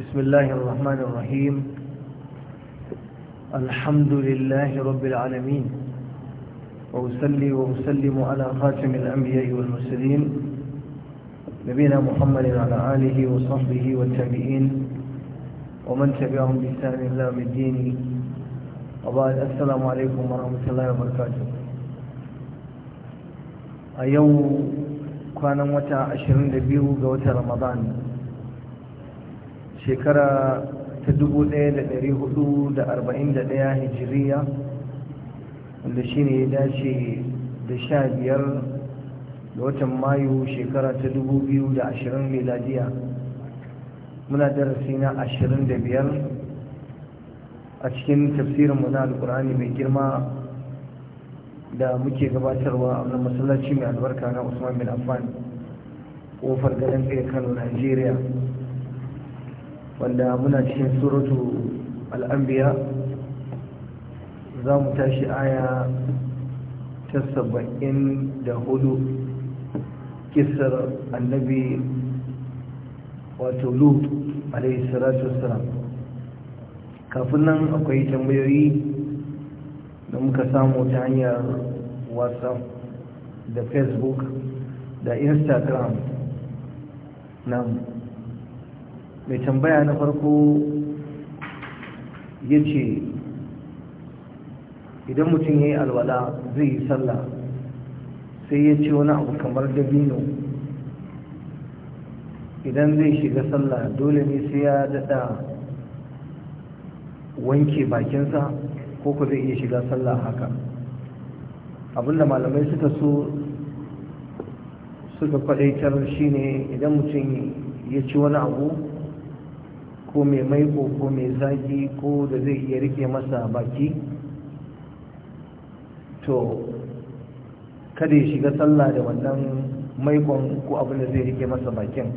بسم الله الرحمن الرحيم الحمد لله رب العالمين وأسلي وأسلم على خاتم الأنبياء والمرسلين نبينا محمد على آله وصحبه والتابعين ومن تبعهم بإحسان إلى يوم الدين وبعد السلام عليكم ورحمة الله وبركاته أيوم كان متى عشرين ga watan رمضان shekara ta 1441 hijiriya wanda shi ne ya dace da sha biyar da watan mayu shekara ta 2020 miladiya muna darasi na biyar a cikin tafsirinmu na alkur'ani mai girma da muke gabatarwa a wani masallaci mai albarka na usman bin affan kofar garin tsaye kano nigeria wanda muna cikin suratu al'ambiya za mu tashi aya ta saba'in da hudu kisar annabi wato lut alaihi wassalam kafin nan akwai tambayoyi da muka samu ta hanyar whatsapp da facebook da instagram na mai tambaya na farko ya ce idan mutum ya yi alwala zai yi sallah sai ya ce wani abu kamar dabino idan zai shiga sallah dole ne sai ya daɗa wanke bakinsa ko ku zai iya shiga sallah haka abinda malamai suka so suka kwadaitar shine idan mutum ya ci wani abu ko mai maiko ko mai zaki ko da zai iya rike masa baki to kada ya shiga sallah da wannan maikon ko abin da zai rike masa bakin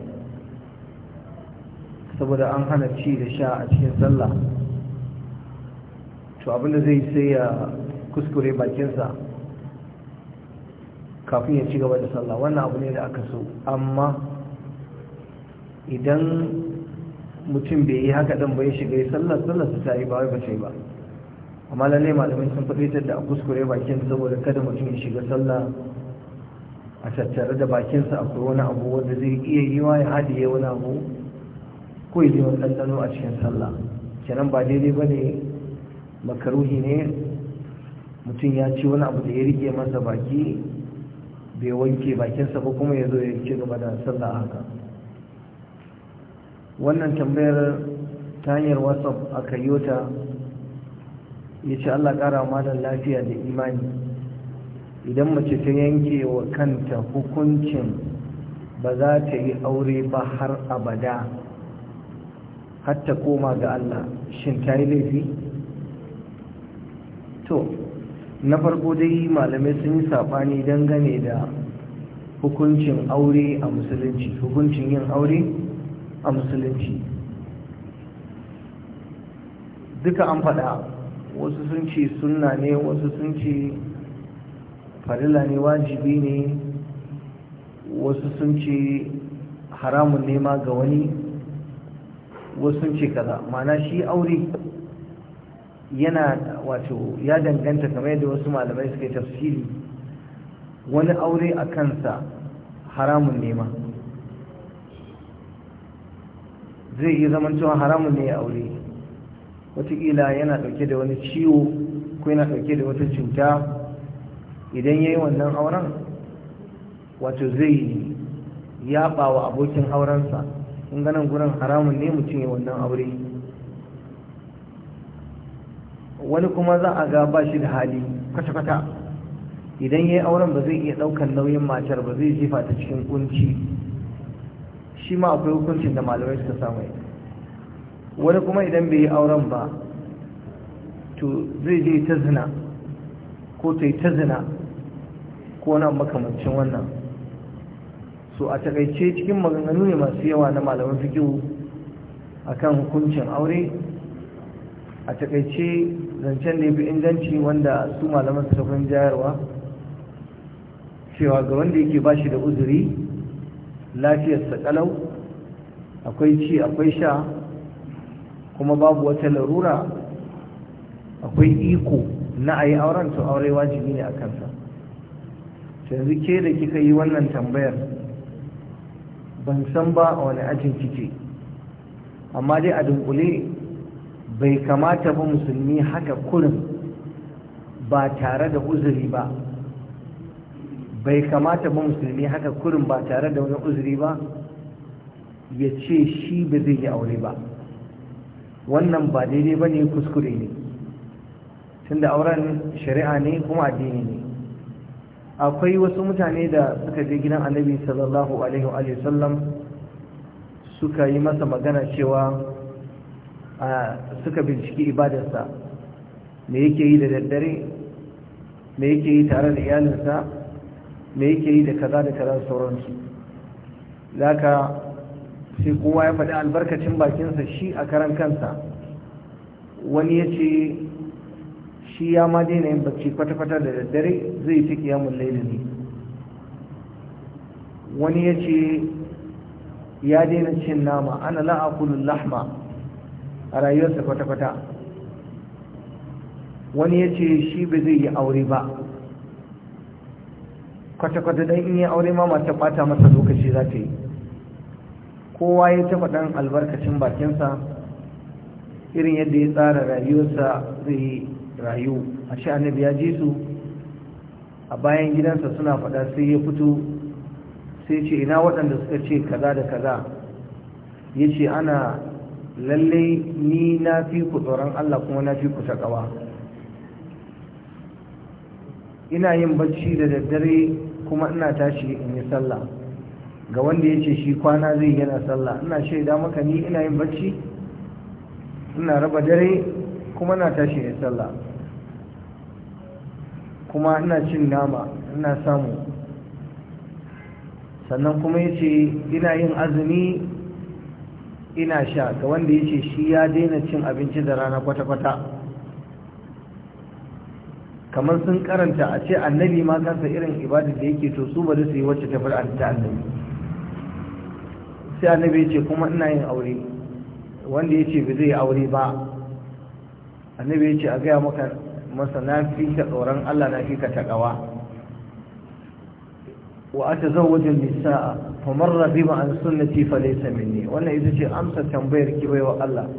saboda an hana ci da sha a cikin sallah to abin da zai sai ya kuskure bakinsa kafin ya ci gaba da sallah wannan abu ne da aka so amma idan mutum bai yi haka dan bai shiga yi sallar sallar su ta yi ba wai ba ba amma lalle malamai sun faɗi da a kuskure bakin saboda kada mutum ya shiga sallah a tattare da bakinsa akwai wani abu wanda zai iya yi wa ya hadiye wani abu ko ya wani ɗanɗano a cikin sallah kenan ba daidai ba ne makaruhi ne mutum ya ci wani abu da ya rike masa baki bai wanke bakinsa ba kuma ya zo ya ci gaba da sallah haka wannan tambayar ta hanyar whatsapp a kayota ya ce allah kara malar lafiya da imani idan mace ta yanke wa kanta hukuncin ba za ta yi aure ba har abada har koma ga allah shin ta yi laifi to na farko dai malamai sun yi saɓani dangane da hukuncin aure a musulunci hukuncin yin aure a musulunci duka an faɗa wasu sun ce sunna ne wasu sun ce farilla ne wajibi ne wasu sun ce haramun nema ga wani wasu sun ce kaza mana shi aure yana wato ya danganta kamar yadda wasu malamai suka yi tafsiri wani aure a kansa haramun nema zai yi zaman cewa haramun ne ya aure watakila yana ɗauke da wani ciwo ko yana ɗauke da wata cuta idan ya yi wannan auren wato zai yaɓa wa abokin aurensa in ganin gurin haramun ne mutum ya wannan aure wani kuma za a ga ba shi da hali kwata-kwata idan ya yi auren ba zai iya ɗaukar nauyin matar ba zai jefa ta cikin kunci shi ma akwai hukuncin da malamai suka samu wani kuma idan bai yi auren ba to zai je ta zina ko ta yi ta zina ko na makamancin wannan so a takaice cikin maganganu ne masu yawa na malaman a kan hukuncin aure a takaice zancen da ya fi inganci wanda su malamai su jayarwa cewa ga wanda yake ba shi da uzuri lafiyarsa kalau akwai ci akwai sha kuma babu wata larura akwai iko na ayi yi auren to aure wajibi ne a kansa yanzu ke da kika yi wannan tambayar ban san ba a wani ajin kike amma dai a dunkule bai kamata ba musulmi haka kurin ba tare da uzuri ba bai kamata ba musulmi haka kurin ba tare da wani uzuri ba ya ce shi ba zai yi aure ba wannan ba daidai ba ne kuskure ne tunda auren shari'a ne kuma addini ne akwai wasu mutane da suka je gidan annabi sallallahu alaihi wa sallam suka yi masa magana cewa suka binciki ibadarsa me yake yi da daddare me yake yi tare da iyalinsa me yake yi da kaza da kaza sauransu laka sai kowa ya faɗi albarkacin bakinsa shi a karan kansa wani ya ce shi ya ma daina yin bacci kwata-kwata da daddare zai fi kiyamun laili ne wani ya ce ya daina cin nama ana la'akulun lahma a rayuwarsa kwata-kwata wani ya ce shi ba zai yi aure ba kwata-kwata don in yi aure mama ta bata masa lokaci za ta yi kowa ya tafa ɗan albarkacin bakinsa irin yadda ya tsara rayuwarsa zai yi rayu a shi annabi ya ji su a bayan gidansa suna faɗa sai ya fito sai ce ina waɗanda suka ce kaza da kaza ya ce ana lallai ni na fi ku tsoron allah kuma na fi ku shakawa ina yin bacci da daddare kuma ina tashi in yi sallah ga wanda ya ce shi kwana zai yana sallah ina shaida maka ni ina yin bacci ina raba dare kuma na tashi in yi sallah kuma ina cin nama ina samu sannan kuma ya ce ina yin azumi ina sha ga wanda ya ce shi ya daina cin abinci da rana kwata-kwata kamar sun karanta a ce annabi ma kansa irin ibada da yake to su bari su yi wacce ta far'a ta annabi sai annabi ya ce kuma ina yin aure wanda ya ce ba zai aure ba annabi ya ce a gaya maka masa na fi ka tsoron allah na fi ka taƙawa wa a ta zan wajen a kamar rabi ma an sunnati falaisa minne wannan ita ce amsa tambayar ki wa allah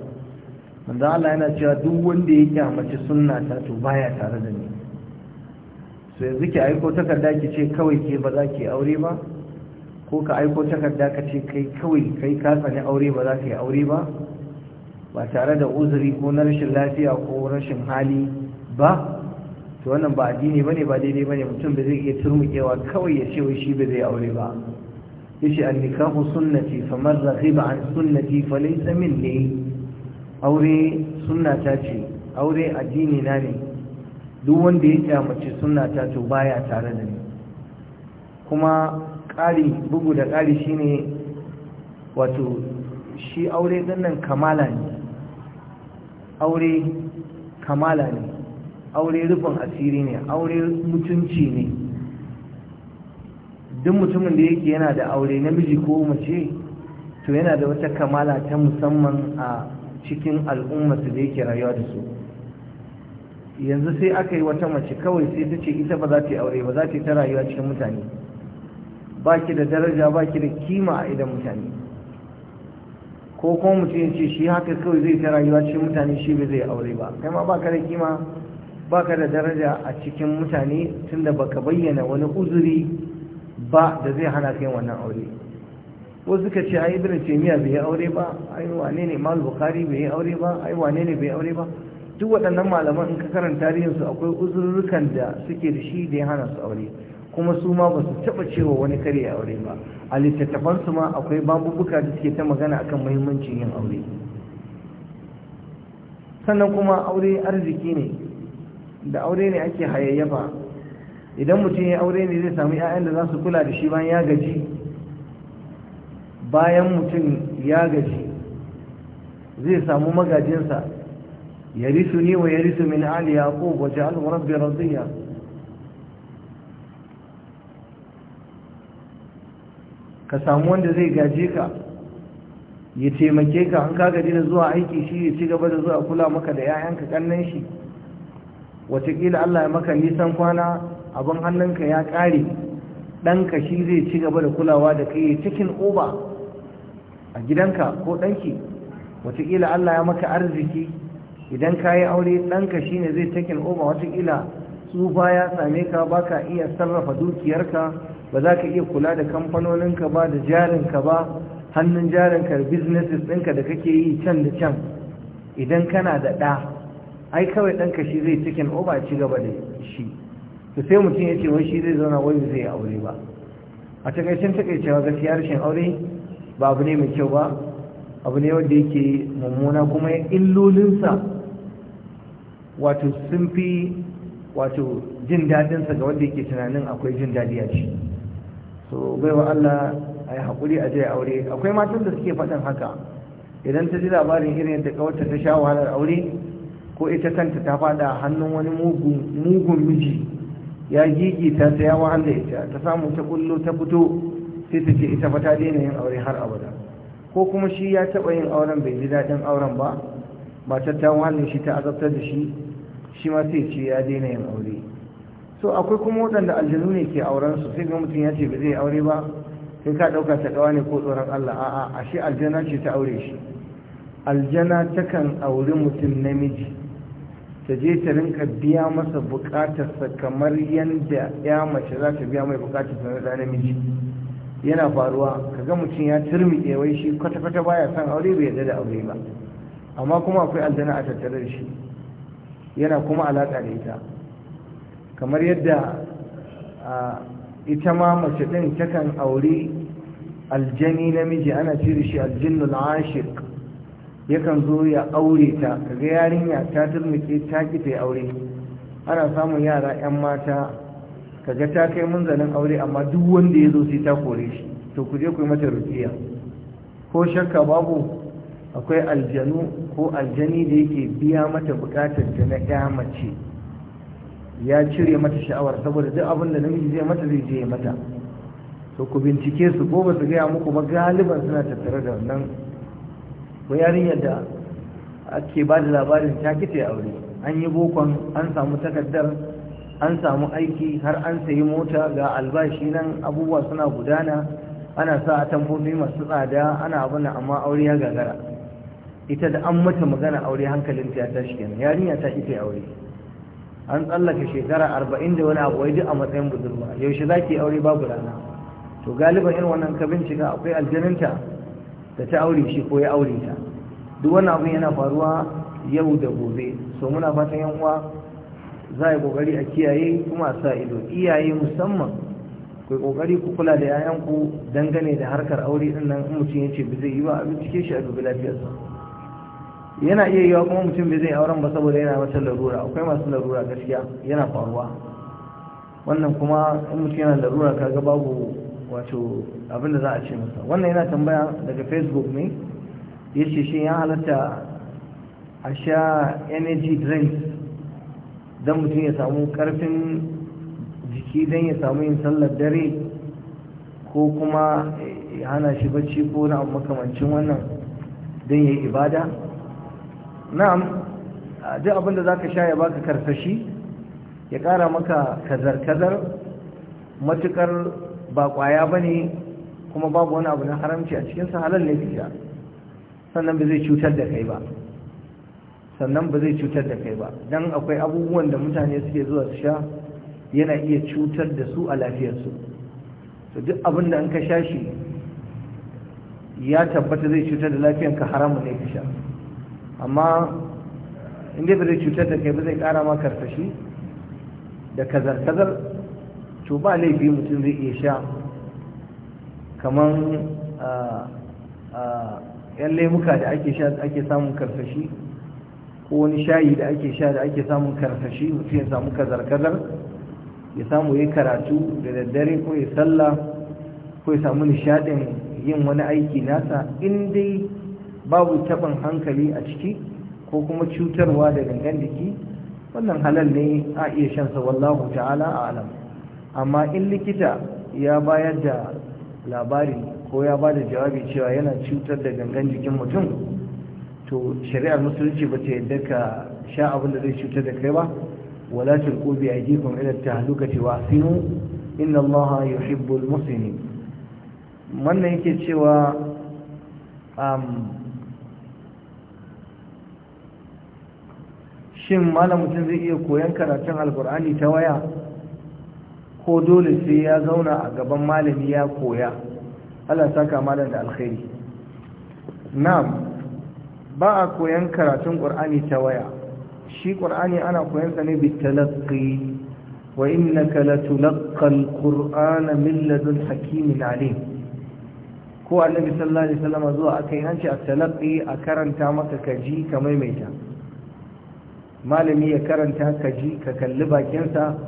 manzan allah yana cewa duk wanda ya kyamaci sunna ta to baya tare da ni sai yanzu ki aiko takarda ki ce kawai ke ba za ki aure ba ko ka aiko takarda ka ce kai kawai kai ka tsani aure ba za ka yi aure ba ba tare da uzuri ko na rashin lafiya ko rashin hali ba to wannan ba addini bane ba daidai bane mutum ba zai iya turmukewa kawai ya ce wai shi ba zai aure ba yace nikahu sunnati man raghiba an sunnati laysa minni aure ta ce aure addini na ne duk wanda ya kyamace suna ta to baya tare da ni kuma ƙari bugu da ƙari shine wato shi aure nan kamala ne aure kamala ne aure rufin asiri ne aure mutunci ne duk mutumin da yake yana da aure namiji ko mace to yana da wata kamala ta musamman a cikin al'ummarsu da yake rayuwa da su yanzu sai aka yi wata mace kawai sai ta ce ita ba za ta yi aure ba za ta yi ta rayuwa cikin mutane ba ki da daraja ba ki da kima a idan mutane ko kuma mutum ya ce shi haka kawai zai ta rayuwa cikin mutane shi ba zai aure ba kai ma ba ka da kima ba ka da daraja a cikin mutane tunda baka bayyana wani uzuri ba da zai hana kai wannan aure ko suka ce ai ibn taymiya bai yi aure ba ai wane ne mal bukhari bai yi aure ba ai wane ne bai aure ba duk waɗannan malaman in ka karanta tarihinsu akwai uzurrukan da suke da shi da ya hana su aure kuma su ma ba su taɓa cewa wani kare aure ba a littattafansu ma akwai babubuka da suke ta magana akan muhimmancin yin aure sannan kuma aure arziki ne da aure ne ake hayayyafa idan mutum ya aure ne zai samu 'ya'yan da za su kula da shi bayan ya gaji bayan mutum ya gaji zai samu magajinsa يرثني ويرث من آل يعقوب واجعله ربي رضيا ka samu wanda zai gaje ka ya taimake ka an ka gaji da zuwa aiki shi ya ci gaba da zuwa kula maka da 'ya'yanka kannan shi watakila Allah ya maka nisan kwana abin hannunka ya ƙare ɗanka shi zai ci gaba da kulawa da kai cikin oba a gidanka ko ɗanki watakila Allah ya maka arziki idan ka yi aure ɗanka shi ne zai taken oba watakila tsufa ya same ka ba ka iya sarrafa dukiyarka ba za ka iya kula da kamfanoninka ba da jarinka ba hannun jarinka businesses ɗinka da kake yi can da can idan kana da ɗa ai kawai ɗanka shi zai taken oba ci gaba da shi to sai mutum ya ce wai shi zai zauna wai zai aure ba a takaicen takaicewa gaskiya rashin aure ba abu ne mai kyau ba abu ne wanda yake mummuna kuma illolinsa wato sun fi wato jin daɗinsa ga wanda yake tunanin akwai jin dadi a shi so baiwa Allah a yi haƙuri a jaya aure akwai matan da suke faɗin haka idan ta ji labarin irin yadda kawarta ta sha wahalar aure ko ita kanta ta faɗa hannun wani mugun miji ya gigita ta ya wahala ita ta samu ta kullo ta fito sai ta ce ita fa ta daina yin aure har abada ko kuma shi ya taɓa yin auren bai ji daɗin auren ba matar ta wani shi ta azabtar da shi shi ma sai ce ya daina yin aure so akwai kuma waɗanda aljanu ne ke auren su sai ga mutum ya ce ba zai aure ba sai ka ɗauka ta ɗawa ne ko tsoron Allah a'a ashe aljana ce ta aure shi aljana takan auri mutum namiji ta je ta rinka biya masa bukatarsa kamar yadda ya mace za ta biya mai bukatarsa na namiji yana faruwa ka kaga mutum ya turmi wai shi kwata-kwata baya son aure bai yarda da aure ba amma kuma akwai aljana a tattare da shi yana kuma alaƙa da ita kamar yadda ita ma mace ɗin takan auri aljani namiji ana cire shi aljinnul ashir yakan zo ya aure ta kaga yarinya ta turmuke ta ki ta aure ana samun yara 'yan mata kaga ta kai munzalin aure amma duk wanda ya zo sai ta kore shi to ku je ku yi mata rukiya ko shakka babu akwai aljanu ko aljani da yake biya mata bukatar da na ya mace ya cire mata sha'awar saboda duk abin da namiji zai mata zai je mata to ku bincike su ko ba su gaya muku ba galiban suna tattare da wannan ko yarinyar da ake ba da labarin ta kita aure an yi bokon an samu takardar an samu aiki har an sayi mota ga albashi nan abubuwa suna gudana ana sa a tambobi masu tsada ana abin amma aure ya gagara ita da an mata magana aure hankalin ta tashi kenan yarinya ta ita aure an tsallaka shekara arba'in da wani abu wai duk a matsayin budurwa yaushe za ki aure babu rana to galiban irin wannan ka bincika akwai aljaninta da ta aure shi ko ya aure ta duk wani abu yana faruwa yau da gobe so muna fatan yan uwa za a kokari a kiyaye kuma sa ido iyaye musamman ku kokari ku kula da yayanku dangane da harkar aure din nan in mutum ya ce ba zai yi ba a bincike shi a dubi lafiyarsa yana iya yiwa kuma mutum bai zai auren ba saboda yana wata larura akwai masu larura gaskiya yana faruwa wannan kuma in mutum yana larura kaga babu wato abin da za a ce masa wannan yana tambaya daga facebook ne ya ce shi ya halatta a sha energy drinks don mutum ya samu karfin jiki don ya samu yin sallar dare ko kuma ya hana shi bacci ko na makamancin wannan don ya yi ibada na'am duk abinda za ka sha ya baka karsashi ya kara maka kazar-kazar matukar ba ƙwaya ba ne kuma babu wani abu na haramci a cikinsa halal ne ka sannan ba zai cutar da kai ba sannan ba zai cutar da kai ba don akwai abubuwan da mutane suke zuwa su sha yana iya cutar da su a lafiyarsu to duk abin da an ka sha shi ya tabbata zai cutar da lafiyarka haramun ne ka sha amma inda ba zai cutar da kai ba zai kara ma karfashi da kazar-kazar to ba laifi mutum zai iya sha kamar yan laimuka da ake sha da ake samun karfashi ko wani shayi da ake sha da ake samun karfashi mutum ya samu kazar-kazar ya samu yi karatu da daddare ko ya sallah ko ya samu nishaɗin yin wani aiki nasa in dai babu taɓin hankali a ciki ko kuma cutarwa da gangan jiki wannan halal ne a iya shansa wallahu ta'ala a alam amma in likita ya bayar da labari ko ya ba da jawabi cewa yana cutar da gangan jikin mutum to shari'ar musulunci ba ta yadda ka sha abin da zai cutar da kai ba wala tulqu bi aydikum ila tahlukati wa asinu inna allaha yuhibbul muslimin wannan yake cewa um, shin malam mutum zai iya koyan karatun alkur'ani ta waya ko dole sai ya zauna a gaban malami ya koya Allah saka malam da alkhairi na'am ba a koyan karatun qur'ani ta waya shi qur'ani ana koyan sa ne bi talaqqi wa innaka latulqa alqur'ana min ladun hakimin alim ko annabi sallallahu alaihi wasallam zuwa akai hanci at-talaqqi a karanta maka kaji ka maimaita malami ya karanta ka ji ka kalli bakinsa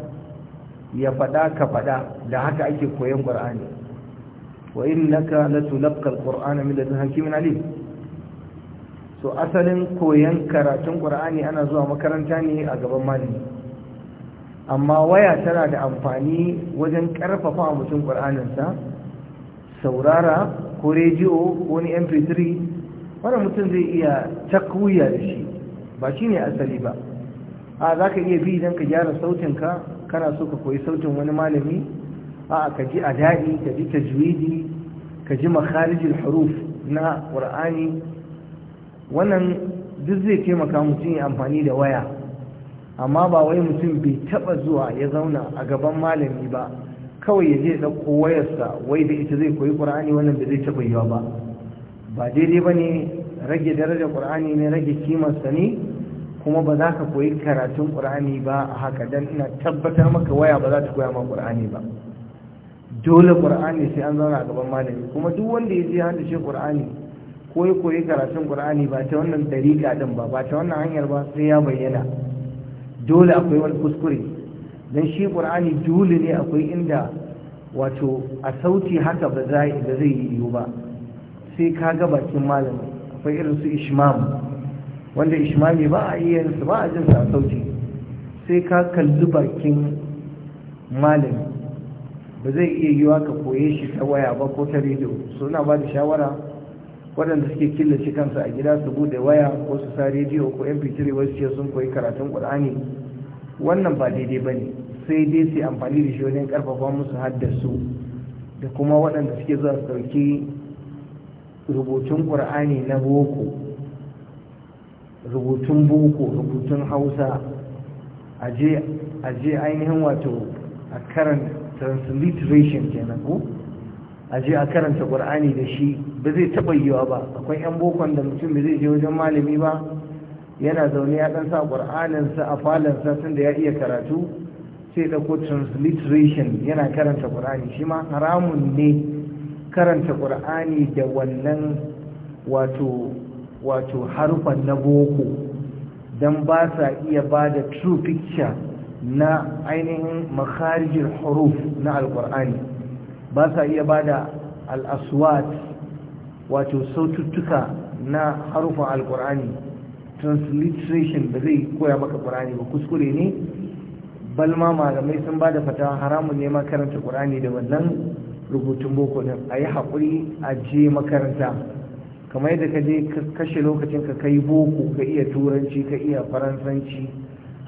ya faɗa ka faɗa da haka ake koyon ƙur'ani wa innaka latulqal qur'ana min ladun hakimin alim so asalin koyon karatun ƙur'ani ana zuwa makaranta ne a gaban malami amma waya tana da amfani wajen ƙarfafa mutum ƙur'aninsa saurara ko rediyo ko ni mp3 wani mutum zai iya takwiya da shi ba shi ne asali ba a za ka iya bi don ka gyara sautinka kana so ka koyi sautin wani malami a ka ji a daɗi ka ji ta tajwidi ka ji makharijin haruf na ƙur'ani wannan duk zai taimaka mutum ya amfani da waya amma ba wai mutum bai taɓa zuwa ya zauna a gaban malami ba kawai ya je ɗauko wayarsa wai da ita zai koyi ƙur'ani wannan ba zai taɓa yiwa ba ba daidai ba ne rage darajar ƙur'ani ne rage kimarsa ne kuma ba za ka koyi karatun ƙur'ani ba a haka don ina tabbatar maka waya ba za ta koya ma ƙur'ani ba dole ƙur'ani sai an zauna a gaban malami kuma duk wanda ya je hada shi ƙur'ani ko ya koyi karatun ƙur'ani ba ta wannan dariƙa din ba ba ta wannan hanyar ba sai ya bayyana dole akwai wani kuskure don shi ƙur'ani dole ne akwai inda wato a sauti haka ba zai yi ba sai ka ga bakin malami akwai irin su ishmamu wanda ishmami ba a iya su ba a jin sa sauti sai ka kalli bakin malami ba zai iya yiwa ka koye shi ta waya ba ko ta rediyo suna ba da shawara waɗanda suke killace kansu a gida su bude waya ko su sa rediyo ko yan fitiri wasu ce sun koyi karatun kur'ani wannan ba daidai ba ne sai dai su amfani da shi wajen karfafa musu haddasu da kuma waɗanda suke zuwa su ɗauki rubutun ƙur'ani na boko rubutun boko rubutun hausa a je ainihin wato a karanta transliteration kenan ko a je a karanta ƙwar'ani da shi ba zai taɓa yiwa ba akwai 'yan bokon da mutum ba zai je wajen malami ba yana zaune ya ɗan sa ƙwar'aninsa a falonsa tun da ya iya karatu sai ko transliteration yana karanta ƙwar'ani shi ma haramun ne karanta ƙwar'ani da wannan wato wato harfan na boko don ba sa iya ba da true picture na ainihin makarijin huruf na alkur'ani ba sa iya ba da al'aswat wato saututtuka na harufan alkur'ani transliteration da zai koya maka ƙur'ani ba kuskure ne balma malamai sun ba da fata haramun ne makaranta ƙur'ani da wannan rubutun boko din a yi haƙuri a je makaranta kamar yadda ka je kashe lokacin ka kai boko ka iya turanci ka iya faransanci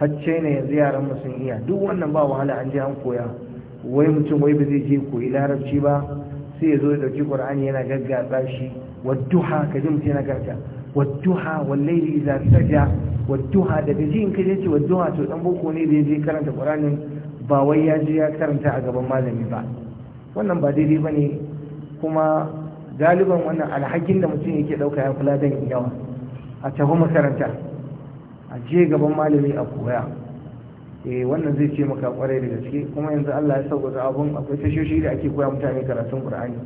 hacce ne yanzu yaran mu sun iya duk wannan ba wahala an je an koya wai mutum wai ba zai je koyi larabci ba sai ya zo ya dauki qur'ani yana gaggatsa shi wadduha ka ji mutum yana wadduha wallahi idza saja wadduha da ji in ka je ce wadduha to dan boko ne da ya je karanta qur'ani ba wai ya je ya karanta a gaban malami ba wannan ba daidai bane kuma galiban wannan alhakin da mutum yake ɗauka ya kula dan yawa a tafi makaranta a je gaban malami a koya eh wannan zai ce maka kwarai da gaske kuma yanzu Allah ya da abun akwai tashoshi da ake koya mutane karatun Qur'ani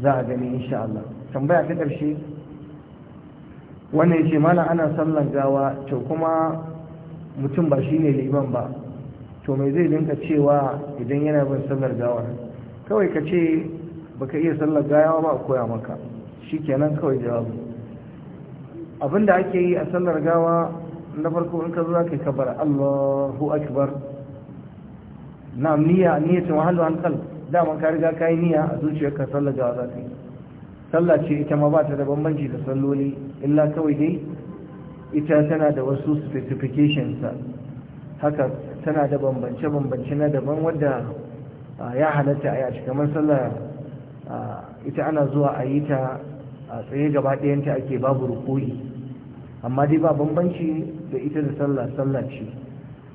za a gani insha Allah tambaya ta ɗarshe. wannan yace malam ana sallan gawa to kuma mutum ba shine liman ba to me zai dinka cewa idan yana bin sallar gawar kawai ka ce baka iya sallar gayawa ba a koya maka Shi kenan kawai jawabi abinda ake yi a sallar gawa na farko in ka zo zaka kabar Allahu akbar na niyya niyyatu mahallu an qalb da ka riga yi niyya a zuciyar ka sallar gawa ka yi ce ita ma ba ta da bambanci da salloli illa kawai dai ita tana da wasu specifications haka tana da bambance-bambance na daban wadda ah, ya halatta a yaci kamar sallar. Ah, ita ana zuwa a yi ta a tsaye gaba ɗayanta ake babu rukuyi amma dai ba bambanci da ita da sallah sallah ce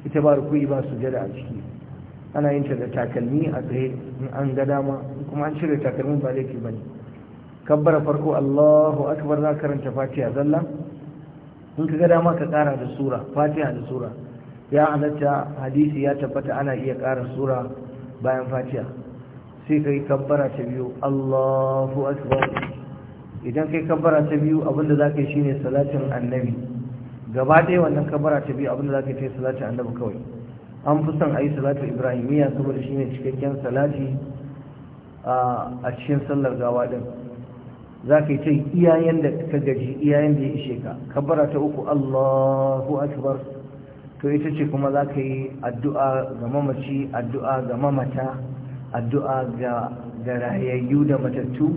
ita ba rukuyi ba jada a ciki ana yin ta da takalmi a tsaye in an ga dama kuma an cire takalmin ba laifi ne kabbara farko Allahu akbar za karanta Fatiha zalla in ka ga dama ka kara da sura Fatiha da sura ya halatta hadisi ya tabbata ana iya kara sura bayan Fatiha sai kai kabbara ta biyu Allahu akbar idan kai kabbara ta biyu abinda zaka yi shine salatin annabi gaba ɗaya wannan kabbara ta biyu abinda zaka yi salatin annabi kawai an fi son yi salatu ibrahimiyya saboda shine cikakken salati a cikin sallar gawa din zaka yi ta iyayen da ka gaji iyayen da ya ishe ka kabbara ta uku Allahu akbar to ita ce kuma zaka yi addu'a ga mamaci addu'a ga mamata addu'a ga rayayyu da matattu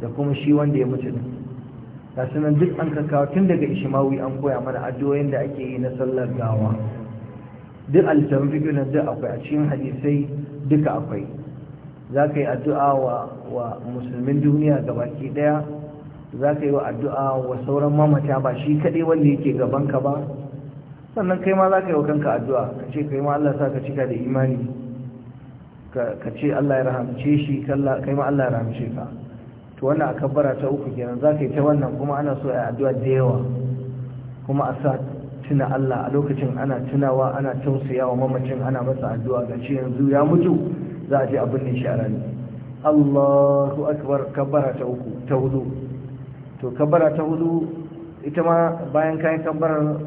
da kuma shi wanda ya mutu ga sunan duk an kakawa tun daga ishimawi an koya mana addu'oyin da ake yi na sallar gawa duk alisabin fikirin duk akwai a cikin hadisai duka akwai za ka yi addu'a wa musulmin duniya baki daya za ka yi wa addu'a wa sauran mamata ba shi kaɗai wanda yake gabanka ba sannan kai ma za ka yi wa kanka addu'a ka ce kai ma Allah sa ka cika da imani ka ce Allah ya rahamce shi kai ma Allah ya rahamce ka to wannan a kabbara ta uku kenan za ka yi ta wannan kuma ana so a addu'a da yawa kuma a sa tuna Allah a lokacin ana tunawa ana tausaya wa mamacin ana masa addu'a ga shi yanzu ya mutu za a je abin ne shi a rani Allahu akbar kabbara ta uku ta hudu to kabbara ta hudu ita ma bayan kayan kabbarar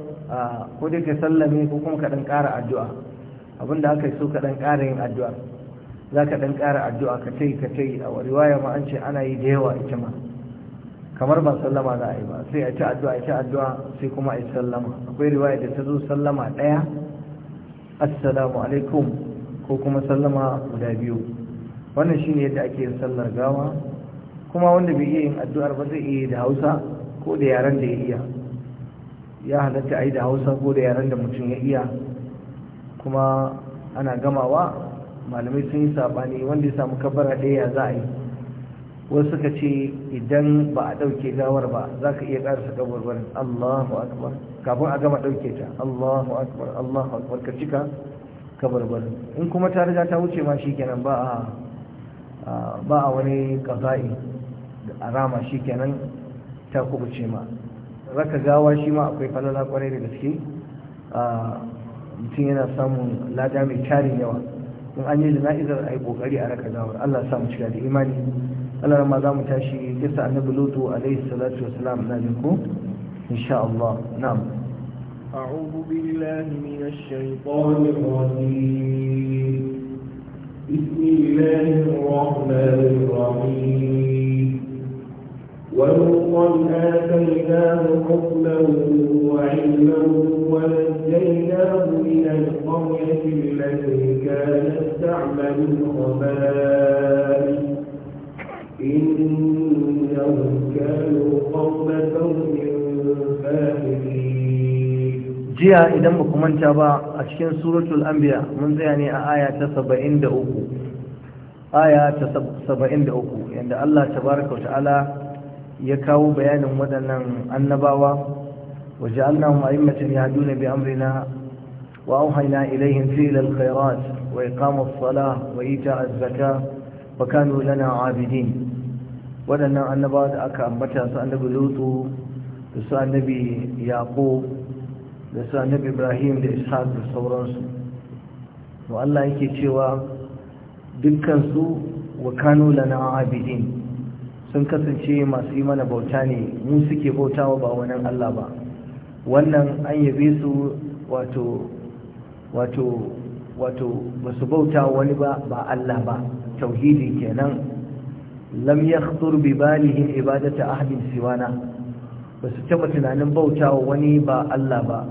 ko dai ka sallame ko kuma ka dan ƙara addu'a abinda aka yi so ka dan ƙara yin addu'a za ka ɗan ƙara addu'a ka yi ka yi a riwaya ma an ce ana yi da yawa ita ma kamar ba sallama za a yi ba sai a ci addu'a a ci addu'a sai kuma a yi sallama akwai riwaya da ta zo sallama ɗaya assalamu alaikum ko kuma sallama guda biyu wannan shine yadda ake yin sallar gawa kuma wanda bai iya yin addu'ar ba zai iya da hausa ko da yaren da ya iya ya halatta a yi da hausa ko da yaren da mutum ya iya kuma ana gamawa malamai sun yi saɓani wanda ya samu kabara ɗaya za a yi wasu suka ce idan ba a ɗauke gawar ba za ka iya ƙarasa kabarbarin allahu akbar kafin a gama ɗauke ta allahu akbar allahu akbar ka cika kabarbarin in kuma ta riga ta wuce ma shi kenan ba a ba a wani ƙaza'i a rama shi kenan ta kubuce ma raka gawa shi ma akwai falala kwarai da gaske mutum yana samun lada mai tarin yawa in an yi jana'izar a yi kokari a raka gawar Allah sa mu cika da imani Allah ma za mu tashi kisa annabi lutu alaihi salatu wassalam na ko insha Allah na'am أعوذ بالله من الشيطان الرجيم بسم الله الرحمن الرحيم ولوطا آتيناه حكما وعلما ونجيناه القرية التي كانت تعمل الخبائث إنهم كانوا قوم jiya idan ba ku manta ba a cikin suratul anbiya mun tsaya ne a aya ta 73 aya ta 73 yanda Allah tabaraka wa ta'ala ya kawo bayanin waɗannan annabawa waje ma'aimacin ya duna bi amrina wa auhayna ilayhim fi'l kama khairat wa iqam as wa ita az-zakah wa kanu lana 'abidin waɗannan annabawa da aka ambata su annabi lutu da su annabi Yaƙo da su annabi ibrahim da ishaq da sauransu to Allah yake cewa dukkan su wa kanu lana 'abidin sun kasance masu yi mana bauta ne mu suke bautawa ba wani Allah ba wannan an yabe su wato wato wato ba su bauta wani ba ba Allah ba tauhidi kenan lam yakhtur bi balihim ibadata ahadin siwana ba su taba tunanin bautawa wani ba Allah ba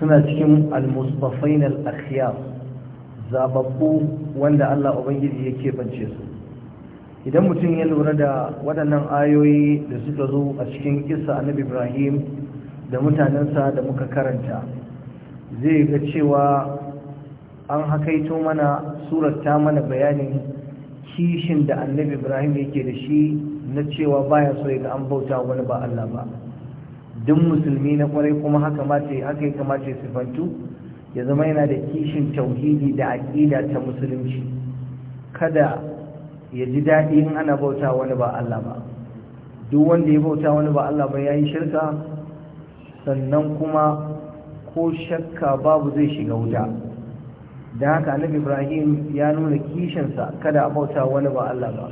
suna cikin al-musbafain al-akhyar zababbu wanda Allah ubangiji yake bance su idan mutum ya lura da waɗannan ayoyi da suka zo a cikin kisa annabi ibrahim da mutanensa da muka karanta zai ga cewa an hakaito mana surata mana bayanin kishin da annabi ibrahim yake da shi na cewa baya so ya ga an bauta wani ba Allah ba duk musulmi na kwarai kuma haka mace haka ya kamace sifantu ya zama yana da kishin tauhidi da aƙida ta musulunci kada ya ji daɗi in ana bauta wani ba Allah ba duk wanda ya bauta wani ba Allah ba ya yi shirka sannan kuma ko shakka babu zai shiga wuta da haka annabi ibrahim ya nuna kishinsa kada a bauta wani ba Allah ba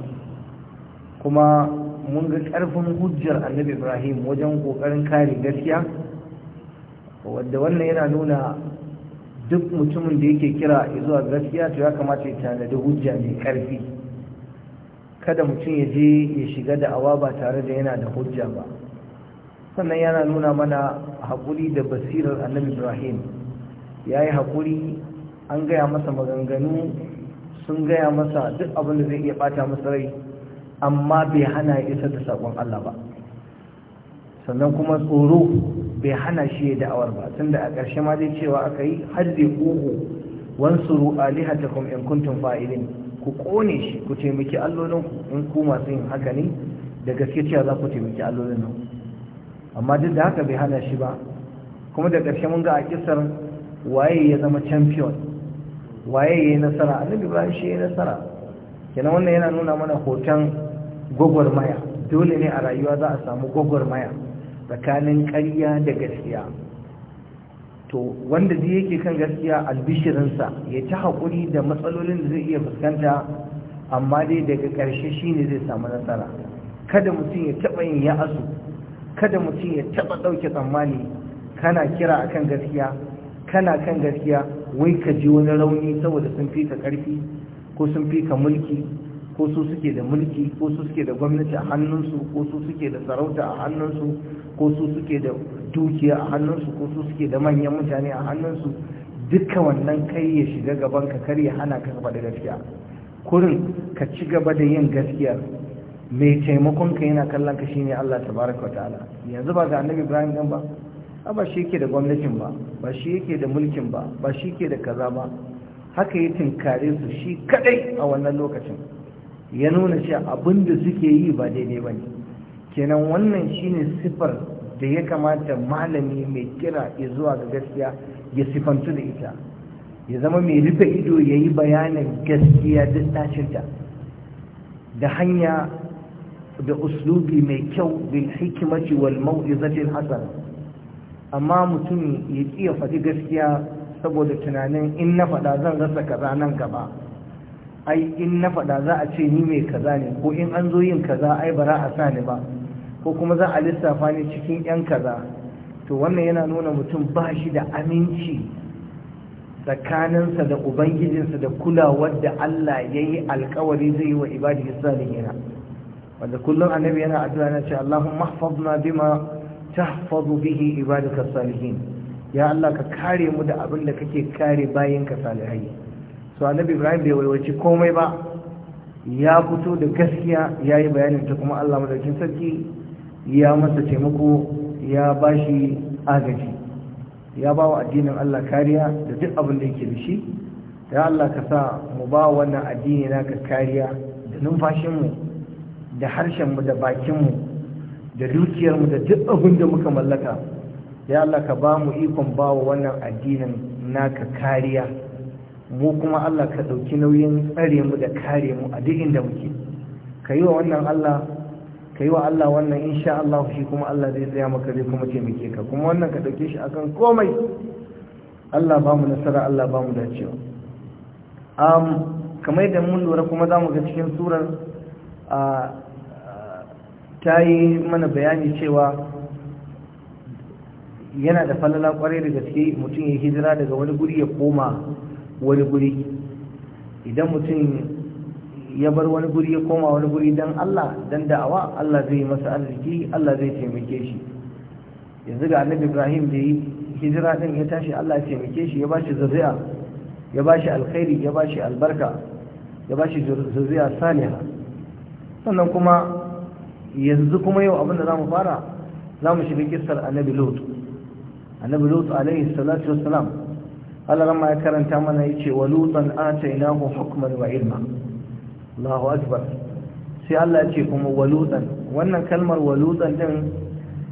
kuma mun ga ƙarfin hujjar annabi ibrahim wajen ƙoƙarin kare gaskiya wadda wannan yana nuna duk mutumin da yake kira zuwa gaskiya to ya kamata ya tanadi hujja mai ƙarfi kada mutum ya je ya shiga da awa ba tare da yana da hujja ba sannan yana nuna mana haƙuri da basirar annabi ibrahim ya yi haƙuri an gaya masa maganganu sun gaya masa duk abin da zai iya ɓata masa rai amma bai hana ya isar da saƙon allah ba sannan kuma tsoro bai hana shi ya da'awar ba tunda a ƙarshe ma dai cewa aka yi har zai ƙuhu wansuru alihatakum in kuntum fa'ilin ku kone shi ku taimaki allolin ku in ku masu yin haka ne da gaske cewa za ku taimaki allolin nan amma duk da haka bai hana shi ba kuma da ƙarshe mun ga a kisar waye ya zama champion waye ya yi nasara annabi ibrahim shi ya yi nasara kenan wannan yana nuna mana hoton gwagwarmaya dole ne a rayuwa za a samu gwagwarmaya tsakanin ƙarya da gaskiya to wanda zai yake kan gaskiya albishirinsa ya ci haƙuri da matsalolin da zai iya fuskanta amma dai daga ƙarshe shine zai samu nasara kada mutum ya taɓa yin ya'asu kada mutum ya taɓa ɗauke tsammani kana kira a kan gaskiya kana kan gaskiya wai ka ji wani rauni saboda sun fi ka ƙarfi ko sun fi ka mulki ko su suke da mulki ko su suke da gwamnati a hannunsu ko su suke da sarauta a hannunsu ko su suke da dukiya a hannunsu ko su suke da manyan mutane a hannunsu duka wannan kai ya shiga gaban ka kar ya hana ka faɗi gaskiya kurin ka ci gaba da yin gaskiya mai taimakon ka yana kallon ka shine Allah tabaraka wataala yanzu ba ga annabi Ibrahim dan ba ba shi yake da gwamnatin ba ba shi yake da mulkin ba ba shi yake da kaza ba haka ya tinkare su shi kadai a wannan lokacin ya nuna shi abin da suke yi ba daidai ba ne kenan wannan shine sifar da ya kamata malami mai kira ya zuwa ga gaskiya ya sifantu da ita ya zama mai rufe ido ya yi bayanin gaskiya duk tashinta da hanya da uslubi mai kyau bil hikimaci wal mau'izatil hasana amma mutum ya ƙi ya faɗi gaskiya saboda tunanin in na faɗa zan rasa kaza nan gaba ai in na faɗa za a ce ni mai kaza ne ko in an zo yin kaza ai bara a sa ni ba ko kuma za a lissafa ni cikin 'yan kaza to wannan yana nuna mutum ba shi da aminci tsakaninsa da ubangijinsa da kulawar da Allah ya yi alkawari zai yi wa ibadihi salihina wanda kullum annabi yana addu'a na ce Allahumma hafazna bima tahfazu bihi ibadaka salihin ya Allah ka kare mu da abin da kake kare bayinka salihai so annabi ibrahim bai waiwaci komai ba ya fito da gaskiya ya yi bayanin ta kuma allah madaukin sarki ya masa taimako ya ba shi agaji ya ba wa addinin allah kariya da duk abin da yake da shi ya allah ka sa mu ba wannan addini naka kariya da numfashinmu da harshenmu da bakinmu da dukiyarmu da duk abin da muka mallaka ya allah ka ba mu ikon ba wa wannan addinin naka kariya mu kuma Allah ka ɗauki nauyin tsare mu da kare mu a duk inda muke ka yi wa wannan Allah ka yi wa Allah wannan insha Allah shi kuma Allah zai tsaya maka zai kuma taimake ka kuma wannan ka ɗauke shi akan komai Allah ba mu nasara Allah ba mu dacewa um, kamar yadda mun lura kuma zamu ga cikin surar ta yi mana bayani cewa yana da falala kwarai da gaske mutum ya hijira daga wani guri ya koma wani guri idan mutum ya bar wani guri ya koma wani guri don Allah don da'awa Allah zai masa arziki Allah zai taimake shi yanzu ga annabi Ibrahim da yi hijira din ya tashi Allah ya taimake shi ya ba shi zuriya ya ba shi alkhairi ya ba shi albarka ya ba shi zuriya saniya. sannan kuma yanzu kuma yau abin da za mu fara za mu shiga kissar annabi Lut annabi Lut alaihi salatu wassalam Allah rama ya karanta mana yace walutan atainahu hukman wa ilma Allahu akbar sai Allah yace kuma walutan wannan kalmar walutan din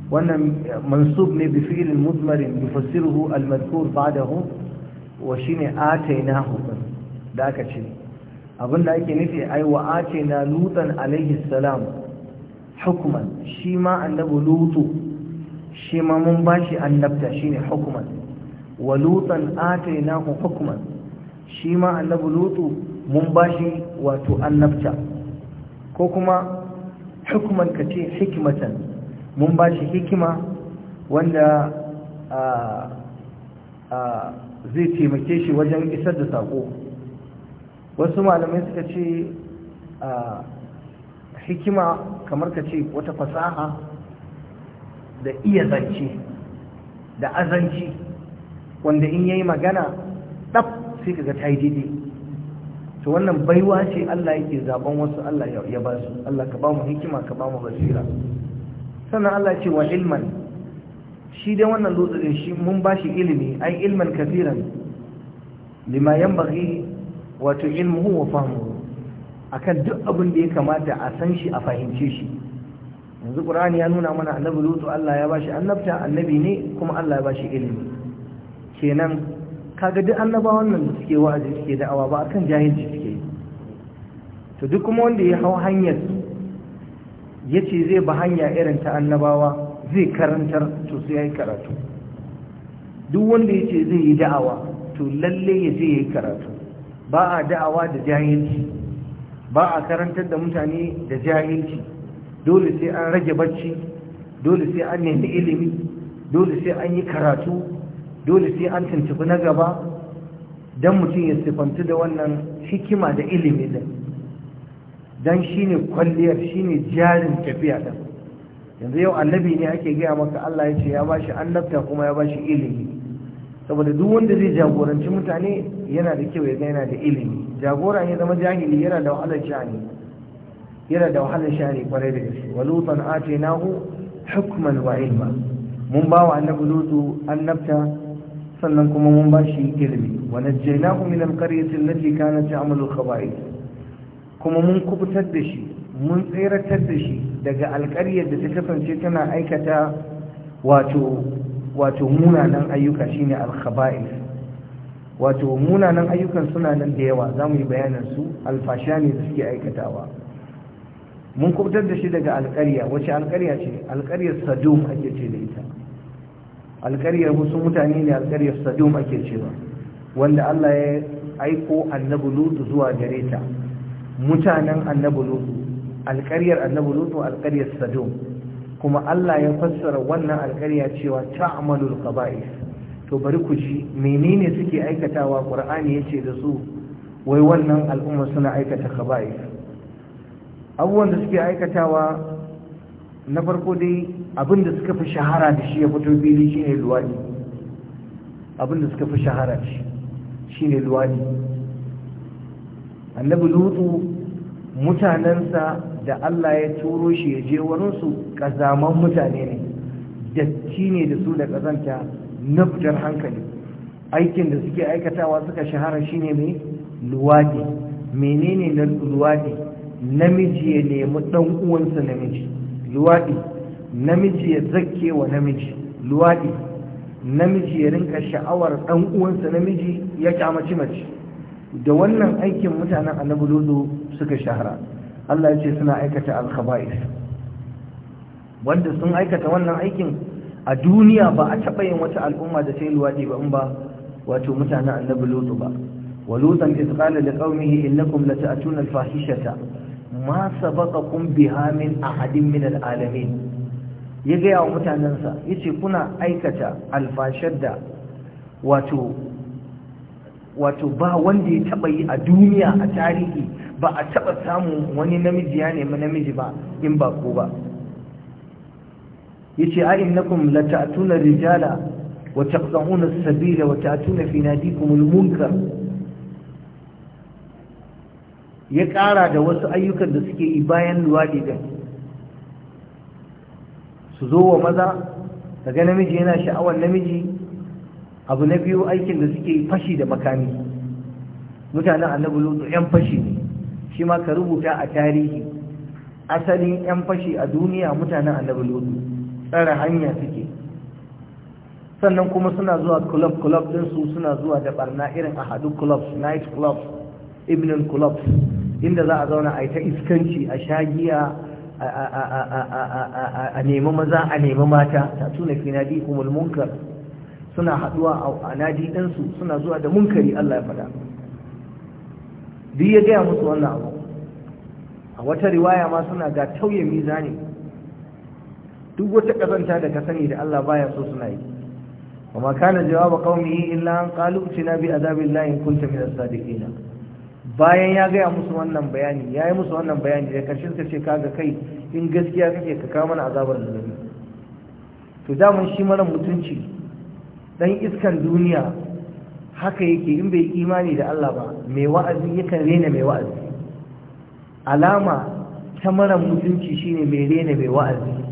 wannan mansub ne bi fi'l mudmar yufassiruhu al-madhkur ba'dahu wa shine atainahu da aka ce abinda ake nufi ai wa atina lutan alaihi salam hukman shi ma annabi lutu shi ma mun bashi annabta shine hukman wa lutan atainahu hukman shi ma annabi lutu mun bashi wato annabta ko kuma hukman kace hikmatan mun bashi hikima wanda zai taimake shi wajen isar da sako wasu malamai suka ce hikima kamar ka ce wata fasaha da iya zance da azanci wanda in yayi magana tsaf sai kaga ta yi daidai to wannan baiwa ce Allah yake zaben wasu Allah ya ba su Allah ka ba mu hikima ka ba mu basira sannan Allah ce wa ilman shi dai wannan lutsin shi mun ba shi ilimi ai ilman kafiran lima yanbaghi wato ilmuhu wa fahmuhu akan duk abin da ya kamata a san shi a fahimce shi yanzu qur'ani ya nuna mana annabi lutu Allah ya bashi annabta annabi ne kuma Allah ya bashi ilimi kenan kaga duk annabawan nan da suke wa'azi suke da'awa ba akan jahilci suke to duk kuma wanda ya hau hanyar ya ce zai ba hanya irin ta annabawa zai karantar to sai ya yi karatu duk wanda ya ce zai yi da'awa to lalle ya je ya yi karatu ba a da'awa da jahilci ba a karantar da mutane da jahilci dole sai an rage bacci dole sai an nemi ilimi dole sai an yi karatu dole sai an tuntubi na gaba don mutum ya sifantu da wannan hikima da ilimi din don shi ne kwalliyar shi ne jarin tafiya ɗin yanzu yau annabi ne ake gaya maka Allah ya ce ya ba shi annabta kuma ya ba shi ilimi saboda duk wanda zai jagoranci mutane yana da kyau yana yana da ilimi jagora ne zama jahili yana da wahalar sha'ani yana da wahalar sha'ani kwarai da gaske walutan atainahu hukman wa ilma mun ba wa annabi lutu annabta sannan kuma mun ba shi ilimi wani wa najjaynahu min alqaryati allati kanat ta'malu al-khaba'ith kuma mun kubutar da shi mun tseratar da shi daga alƙaryar da ta kasance tana aikata wato wato munanan ayyuka shine al-khaba'ith wato munanan ayyukan suna nan da yawa za mu yi bayanin su alfasha ne da suke aikatawa mun kubutar da shi daga alƙarya wace alƙarya ce alƙaryar sadum ake ce da ita alƙaryar musu mutane ne alƙaryar sadum ake cewa wanda Allah ya aiko annabi lutu zuwa gare ta mutanen annabi lutu alƙaryar annabi lutu alƙaryar sadum kuma Allah ya fassara wannan alƙarya cewa ta'malul qaba'is to bari ku ji menene suke aikatawa qur'ani yace da su wai wannan al'umma suna aikata qaba'is abubuwan da suke aikatawa na farko dai abinda suka fi shahara da shi ya fito fili ne luwadi abinda suka fi shahara shi shi ne luwadi annabi lutu mutanensa da Allah ya turo shi ya je wurinsu kazaman mutane ne datti ne da su da kazanta na fitar hankali aikin da suke aikatawa suka shahara shi ne mai luwadi menene na luwadi namiji ya nemi ɗan uwansa namiji luwaɗi namiji ya zakke wa namiji luwaɗi namiji ya rinka sha'awar ɗan uwansa namiji ya kyamaci mace da wannan aikin mutanen annabi lodo suka shahara Allah ya ce suna aikata alkhaba'is wanda sun aikata wannan aikin a duniya ba a taɓa yin wata al'umma da ta yi luwaɗi ba in ba wato mutanen annabi lodo ba ولوطا إذ قال لقومه إنكم لتأتون الفاحشة ma kun biha min ahadin min alalamin ya gaya wa mutanensa yace kuna aikata alfashar da wato wato ba wanda ya taba yi a duniya a tarihi ba a taba samun wani namiji ya nemi namiji ba in ba ko ba yace a innakum lata'tuna rijala wata taqta'una sabila wata ta'tuna Finadi kuma munkar ya ƙara da wasu ayyukan da suke yi bayan luwaɗi ɗin su zo wa maza daga namiji yana sha'awar namiji abu na biyu aikin da suke yi fashi da makami mutanen annabi lutu 'yan fashi ne shi ma ka rubuta a tarihi asalin 'yan fashi a duniya mutanen annabi lutu tsara hanya suke sannan kuma suna zuwa club club su suna zuwa da barna irin a haɗu club night club ibn al-kulab inda za a zauna a yi ta iskanci a shagiya a nemi maza a nemi mata ta tuna fi nadi kumul munkar suna haduwa a nadi ɗansu suna zuwa da munkari Allah ya faɗa duk ya gaya musu wannan abu a wata riwaya ma suna ga tauye mizani duk wata ƙazanta da ka sani da Allah baya so suna yi وما كان جواب قومه إلا أن قالوا ائتنا بعذاب الله إن كنت من الصادقين bayan ya gaya musu wannan bayani ya yi musu wannan bayani da ƙarshen sa ce kaga kai in gaskiya kake ka kawo mana azabar zunubi to daman shi mara mutunci dan iskan duniya haka yake in bai imani da Allah ba mai wa'azi yakan rena mai wa'azi alama ta mara mutunci shine mai rena mai wa'azi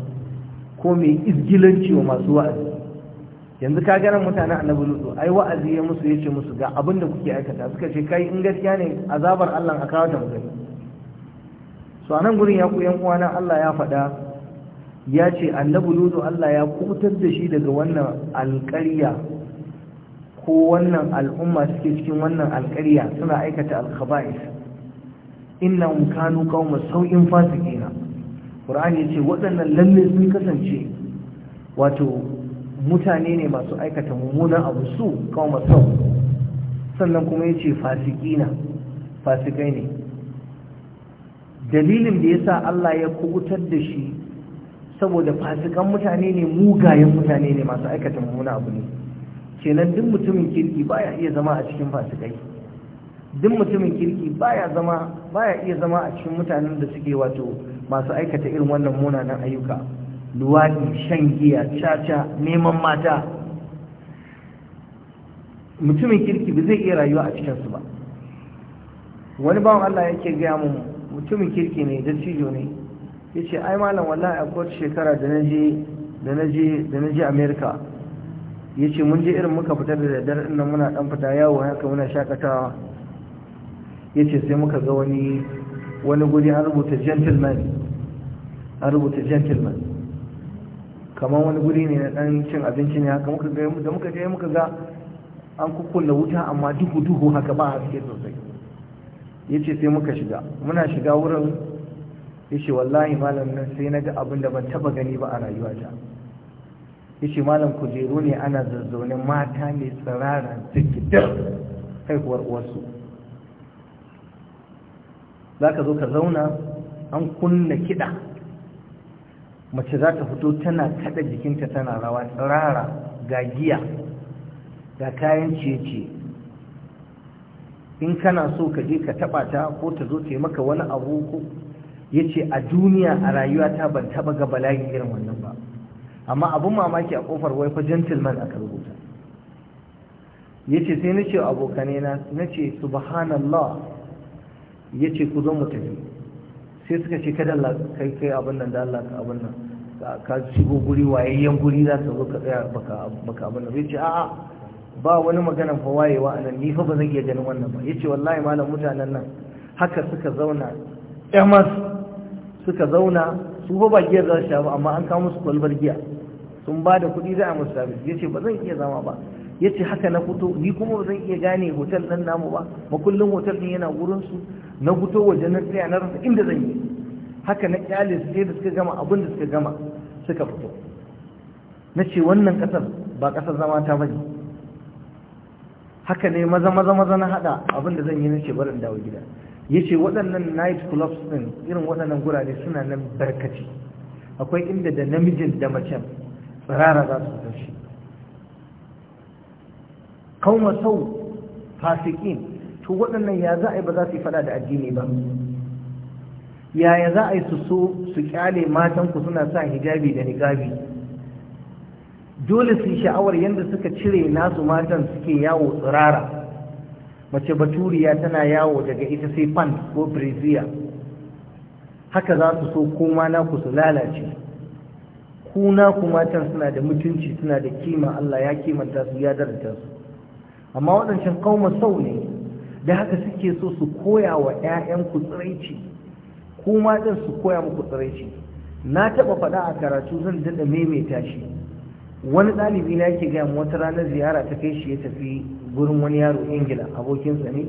ko mai izgilanci wa masu wa'azi yanzu ka ganin mutane annabi lutu ai wa'azi ya musu yace musu ga abin da kuke aikata suka ce kai in gaskiya ne azabar Allah a kawo ta mutane so anan gurin ya ku yan uwana Allah ya faɗa ya ce annabi lutu Allah ya kutar da shi daga wannan alƙarya ko wannan al'umma suke cikin wannan alƙarya suna aikata alkhaba'is innahum kanu qauman sau'in fasiqina qur'ani yace waɗannan lalle sun kasance wato mutane ne masu aikata mummunan abu su kawo sau sannan kuma ya ce fasikina fasikai ne dalilin da ya sa Allah ya kubutar da shi saboda fasikan mutane ne mugayen mutane ne masu aikata mummunan abu ne kenan duk mutumin kirki baya iya zama a cikin fasikai duk mutumin kirki baya baya iya zama a cikin mutanen da suke wato masu aikata irin wannan munanan ayyuka luwaɗi shan giya caca neman mata mutumin kirki ba zai iya rayuwa a cikinsu ba wani bawan Allah yake gaya mu mutumin kirki ne da cijo ne ya ce ai malam wallahi kowace shekara da na je da ya ce mun je irin muka fita da daddare inda muna dan fita yawo haka muna shakatawa ya ce sai muka ga wani wani guri an rubuta gentleman an rubuta gentleman kamar wani guri ne na ɗan cin abinci ne haka muka gaya da muka gaya muka ga an kukkulla wuta amma duhu duhu haka ba a haske sosai ya ce sai muka shiga muna shiga wurin ya ce wallahi malam nan sai na ga abin da ban taba gani ba a rayuwata ya ce malam kujeru ne ana zazzaune mata ne tsirara zikidar haihuwar uwarsu za ka zo ka zauna an kunna kiɗa mace za ta fito tana kada jikinta tana rawa tsirara ga giya ga kayan ciye-ciye in kana so ka je ka taba ta ko ta zo ta maka wani abu ko ya ce a duniya a rayuwa ta ban taba ga bala'i irin wannan ba amma abin mamaki a kofar wai fa gentleman aka rubuta ya ce sai na ce abokanai na na ce subhanallah ya ce ku zo mu tafi sai suka ce kada Allah kai kai abin nan da Allah ka abin nan ka shigo guri wayayyen guri za ka zo ka tsaya baka baka abin nan yace a'a ba wani magana fa wayewa anan ni fa ba zan iya ganin wannan ba yace wallahi malam mutanen nan haka suka zauna ehmas suka zauna su fa ba giyar za su sha ba amma an kawo musu kwalbar giya sun ba da kuɗi za a musu sabis yace ba zan iya zama ba ya ce haka na fito ni kuma zan iya gane hotel ɗin namu ba makullin hotel ɗin yana wurinsu. na fito waje na tsaya na rasa inda zan yi haka na kyale su sai da suka gama abin da suka gama suka fito na ce wannan kasar ba kasar zama ta bane haka ne maza maza maza na hada abin da zan yi na ce barin dawo gida ya ce waɗannan night clubs din irin waɗannan gurare suna nan barkaci akwai inda da namijin da macen tsirara za su fito shi kauma sau fasikin to waɗannan ya za a yi ba za su yi faɗa da addini ba yaya za a yi su so su kyale matanku suna sa hijabi da niqabi dole su sha'awar yadda suka cire nasu matan suke yawo tsirara mace baturiya tana yawo daga ita sai fan ko breziya haka za su so koma ku su lalace ku naku matan suna da mutunci suna da kima Allah ya kimanta su ya darata su amma waɗancan kauma sau ne da haka suke so su koya wa 'ya'yanku tsiraici kuma zan su koya muku tsiraici na taba faɗa a karatu zan daɗa maimaita shi wani ɗalibi na yake gaya wata ranar ziyara ta kai shi ya tafi gurin wani yaro ingila abokinsa ne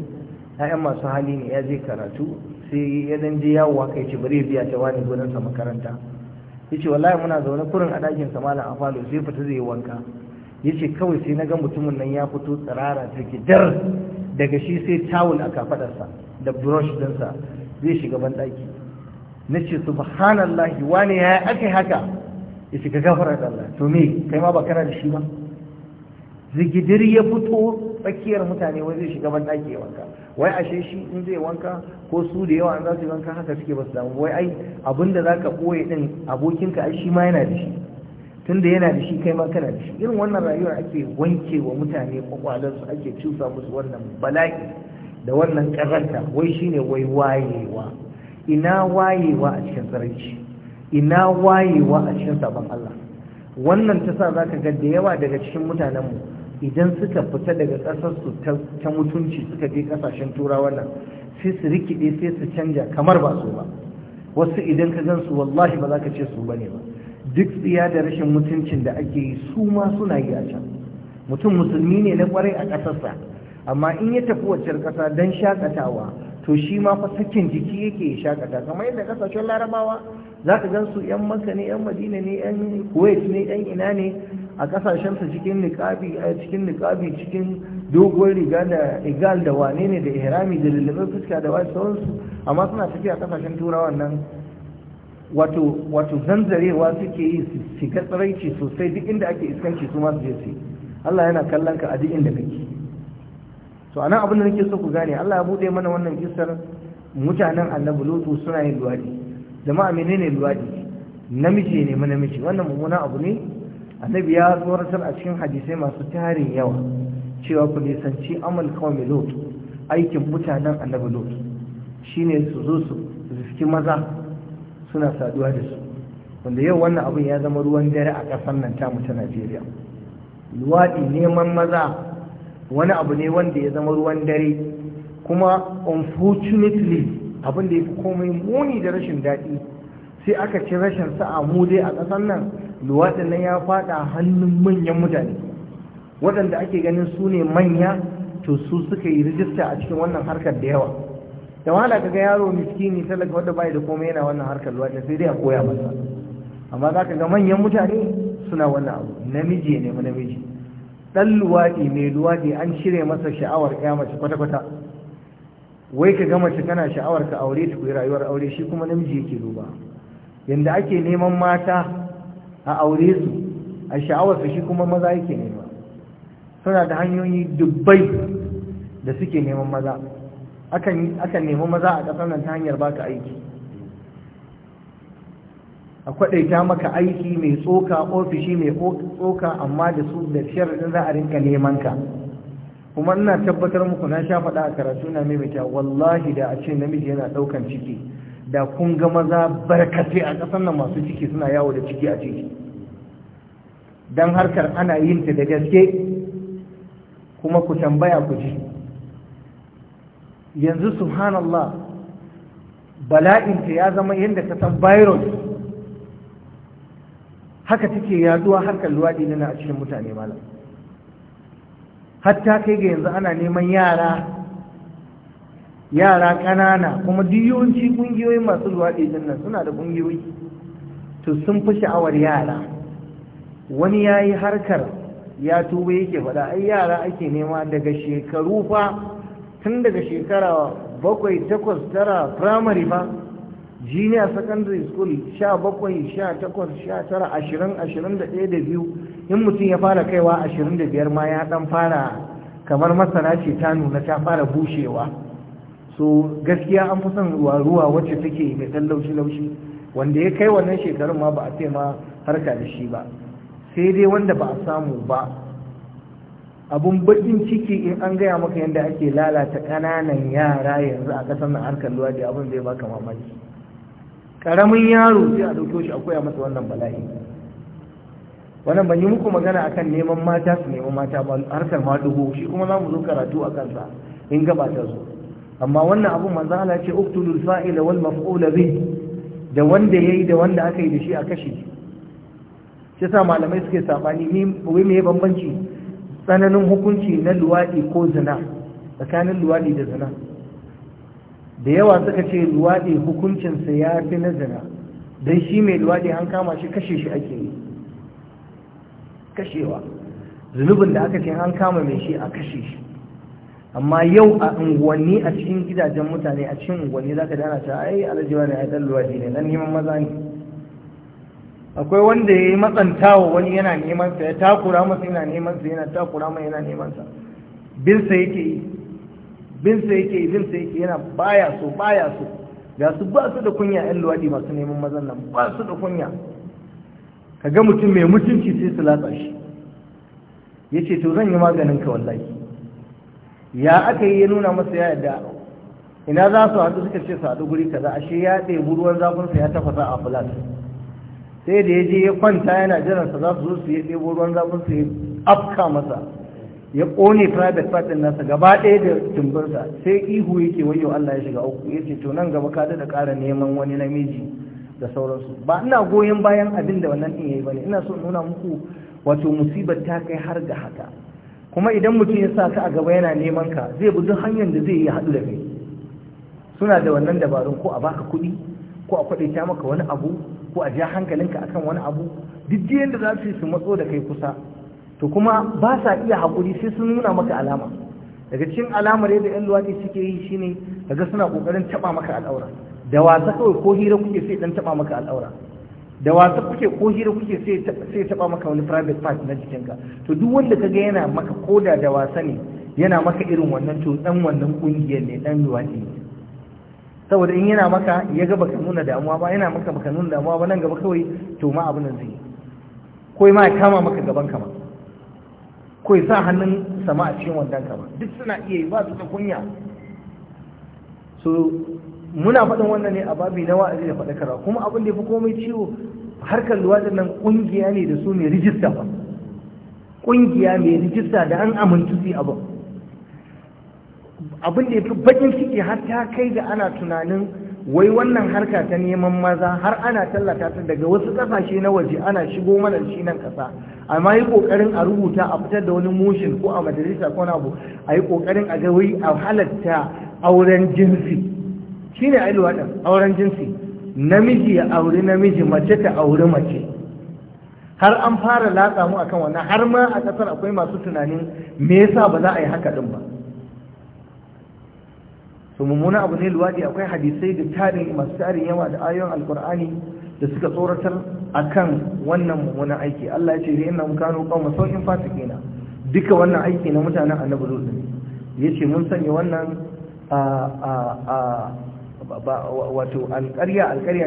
'ya'yan masu hali ne ya je karatu sai ya dan je yawowa kai ce bari biya ta wani gurin sa makaranta yace wallahi muna zaune kurin a ɗakin sa malam afalo sai fita zai wanka yace kawai sai na ga mutumin nan ya fito tsirara take dar daga shi sai tawul a kafadarsa da brush dinsa zai shiga banɗaki na ce subhanallahi wani ya aka haka ya shiga gafara da Allah to me kai ma ba kana da shi ba zigidir ya fito tsakiyar mutane wai zai shiga banɗaki ya wanka wai ashe shi in zai wanka ko su da yawa an za su yi wanka haka suke ba su damu wai ai abinda za ka ɓoye ɗin abokinka ai shi ma yana da shi tunda yana da shi kai ma kana da shi irin wannan rayuwar ake wanke wa mutane kwakwalansu ake cusa musu wannan bala'i da wannan karanta wai shine wai wayewa ina wayewa a cikin tsarki ina wayewa a cikin sabon Allah wannan ta sa za ka ga da yawa daga cikin mutanenmu idan suka fita daga ƙasarsu ta mutunci suka je ƙasashen turawa nan sai su rikide sai su canja kamar ba su ba wasu idan ka gan su wallahi ba za ka ce su bane ba duk tsiya da rashin mutuncin da ake yi su ma suna yi a can mutum musulmi ne na kwarai a ƙasarsa amma in ya tafi waccan ƙasa don shakatawa to shi ma fa sakin jiki yake ya shakata kamar yadda ƙasashen larabawa za ka gan su 'yan maka ne 'yan madina ne 'yan kuwait ne 'yan ina ne a su cikin niƙabi a cikin niƙabi cikin doguwar riga da igal da wane ne da ihrami da lullube fuska da wasu sauransu amma suna tafiya ƙasashen turawan nan wato wato zanzarewa suke yi su shiga tsiraici sosai duk inda ake iskanci su masu je su Allah yana kallon ka a duk inda kake to anan abin da nake so ku gane Allah ya bude mana wannan kisar mutanen annabi lutu suna yin luwadi jama'a menene luwadi namiji ne namiji wannan mummuna abu ne annabi ya tsoratar a cikin hadisai masu tarin yawa cewa ku nisanci amal kawai lutu aikin mutanen annabi lutu shine su zo su riski maza suna saduwa da su wanda yau wannan abin ya zama ruwan dare a ƙasar nan tamu ta najeriya luwaɗi neman maza wani abu ne wanda ya zama ruwan dare kuma unfortunately abin da ya fi komai muni da rashin daɗi sai aka ci rashin sa'a mu dai a ƙasar nan Luwaɗi nan ya faɗa hannun manyan mutane waɗanda ake ganin su ne manya to su suka yi rijista a cikin wannan harkar da yawa da wahala ga yaro miskini talaka wanda bai da komai yana wannan harkar ruwa sai dai a koya masa amma za ka ga manyan mutane suna wannan abu namiji ya mu namiji Dan luwadi mai luwadi an cire masa sha'awar ya mace kwata-kwata wai ka ga mace kana sha'awar ka aure ta kuyi rayuwar aure shi kuma namiji yake duba yanda ake neman mata a aure su a sha'awarsa shi kuma maza yake nema suna da hanyoyi dubbai da suke neman maza akan nemi maza a ƙasar nan ta hanyar baka aiki a kwaɗaita maka aiki mai tsoka ofishi mai tsoka amma da su da sharaɗin za a rinka neman ka kuma ina tabbatar muku na sha faɗa a karatu na mai wallahi da a ce namiji yana ɗaukan ciki da kun ga maza barkatai a ƙasar nan masu ciki suna yawo da ciki a ciki don harkar ana yin ta da gaske kuma ku tambaya ku ji yanzu subhanallah bala'inta ya zama yadda ka san virus haka take yaduwa harkar luwaɗi na a cikin mutane malam hatta kai ga yanzu ana neman yara yara kanana kuma diyonci ƙungiyoyi masu luwaɗi din suna da ƙungiyoyi to sun fi sha'awar yara wani ya yi harkar ya tuba yake faɗa ai yara ake nema daga shekaru fa tun daga shekara bakwai takwas tara firamare ba junior secondary school sha bakwai sha takwas sha tara ashirin ashirin da ɗaya da biyu in mutum ya fara kaiwa ashirin da biyar ma ya ɗan fara kamar masana ce ta nuna ta fara bushewa so gaskiya an fi son ruwa ruwa wacce take mai ɗan laushi laushi wanda ya kai wannan shekarun ma ba a ce ma harka da shi ba sai dai wanda ba a samu ba abun bakin ciki in an gaya maka yadda ake lalata ƙananan yara yanzu a ƙasar na harkar luwaɗi abin zai baka mamaki ƙaramin yaro sai a ɗauke shi a koya masa wannan bala'i wannan ban yi muku magana akan neman mata su neman mata ba harkar ma maɗugo shi kuma za mu zo karatu a kansa in ta zo amma wannan abun manzo Allah ce uktulul fa'ila wal maf'ula bi da wanda yayi da wanda aka yi da shi a kashe shi sa malamai suke sabani ni wai me bambanci tsananin hukunci na luwaɗi ko zina tsakanin luwaɗi da zina da yawa suka ce luwaɗi hukuncinsa ya fi na zina don shi mai luwaɗi an kama shi kashe shi ake yi kashewa zunubin da aka ce an kama mai shi a kashe shi amma yau a unguwanni a cikin gidajen mutane a cikin unguwanni za ka dana ta ai alajiwa ne yi dan luwaɗi ne nan neman maza ne akwai wanda ya yi matsantawa wani yana neman sa ya takura masa yana neman sa yana takura mai yana neman sa bin sa yake yi bin sa yake yi bin sa yake yana baya so baya so ga su ba su da kunya yan luwadi masu neman mazan nan ba su da kunya ka ga mutum mai mutunci sai su latsa shi ya ce to zan yi maganin ka wallahi ya aka yi ya nuna masa ya yadda ina za su haɗu suka ce su haɗu guri kaza ashe ya ɗebi ruwan zafinsa ya tafasa a fulat sai da ya je ya kwanta yana jiransa za su zo su yi ɗebo ruwan zafin su ya afka masa ya ƙone private part nasa gaba ɗaya da tumbarsa sai ihu yake wayo Allah ya shiga uku ya ce to nan gaba ka da ƙara neman wani namiji da sauransu ba ina goyon bayan abin da wannan ɗin ya yi ba ne ina so nuna muku wato musibar ta kai har da haka kuma idan mutum ya sa ka a gaba yana neman ka zai bi hanyar da zai yi haɗu da kai suna da wannan dabarun ko a baka kuɗi ko a kwaɗe ta maka wani abu ko a ja hankalinka akan wani abu duk yadda za su yi su matso da kai kusa to kuma ba sa iya haƙuri sai sun nuna maka alama daga cikin alamar yadda yan luwaɗi suke yi shine daga suna ƙoƙarin taɓa maka al'aura da wasa kawai ko hira kuke sai ɗan taɓa maka al'aura da wasa kuke ko hira kuke sai taɓa maka wani private part na jikinka to duk wanda ka ga yana maka koda da wasa ne yana maka irin wannan to ɗan wannan ƙungiyar ne ɗan luwaɗi saboda in yana maka ya ga baka nuna damuwa ba yana maka baka nuna damuwa ba nan gaba kawai to ma abin nan zai ko ma ya kama maka gaban ka ma ko ya sa hannun sama a cikin wannan ka ma duk suna iya yi ba su da kunya so muna faɗin wannan ne a babi na wa'azi da faɗakarwa kuma abin da ya fi komai ciwo harkar luwaɗin nan ƙungiya ne da su mai rijista ba ƙungiya mai rijista da an amintu su abin abin da ya fi bakin ciki har ta kai da ana tunanin wai wannan harka ta neman maza har ana tallata ta daga wasu kasashe na waje ana shigo mana shi nan kasa amma yi kokarin a rubuta a fitar da wani motion ko a majalisa ko na abu a yi kokarin a ga wai a halatta auren jinsi Shi ne ai luwaɗin auren jinsi namiji ya auri namiji mace ta auri mace har an fara latsa mu akan wannan har ma a ƙasar akwai masu tunanin me yasa ba za a yi haka din ba to mummuna abu ne luwadi akwai hadisai da tarin masu tarin yawa da ayoyin alkur'ani da suka tsoratar a kan wannan mummunan aiki Allah ya ce da inna kanu qawma sau'in fasikina duka wannan aiki na mutanen annabi lut ya ce mun sanya wannan a a a wato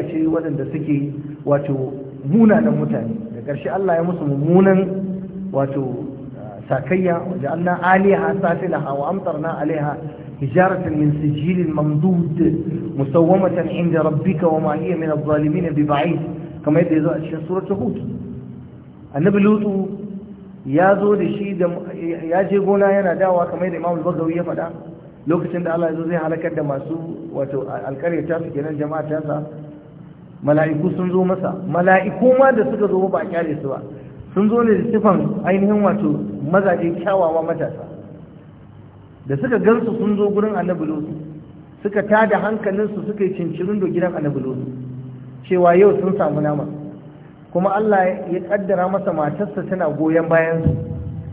ce waɗanda suke wato munanan mutane da ƙarshe Allah ya musu mummunan wato sakayya wajen Allah aliha satilaha wa na alaiha حجارة من سجيل ممدود مسومة عند ربك وما هي من الظالمين ببعيد كما يدعي ذلك سورة هود النبي لوط ya zo da shi ya je gona yana dawa kamar da imamul bagawi ya faɗa lokacin da Allah ya zo zai halakar da masu wato alƙaryata su kenan jama'a ta sa mala'iku sun zo masa mala'iku ma da suka zo ba a kyale su ba sun zo ne da sifan ainihin wato mazaje kyawawa matasa da suka gansu sun zo gurin annabi lutu suka tada hankalinsu suka yi cincirin da gidan annabi lutu cewa yau sun samu nama kuma Allah ya kaddara masa matarsa tana goyon bayan su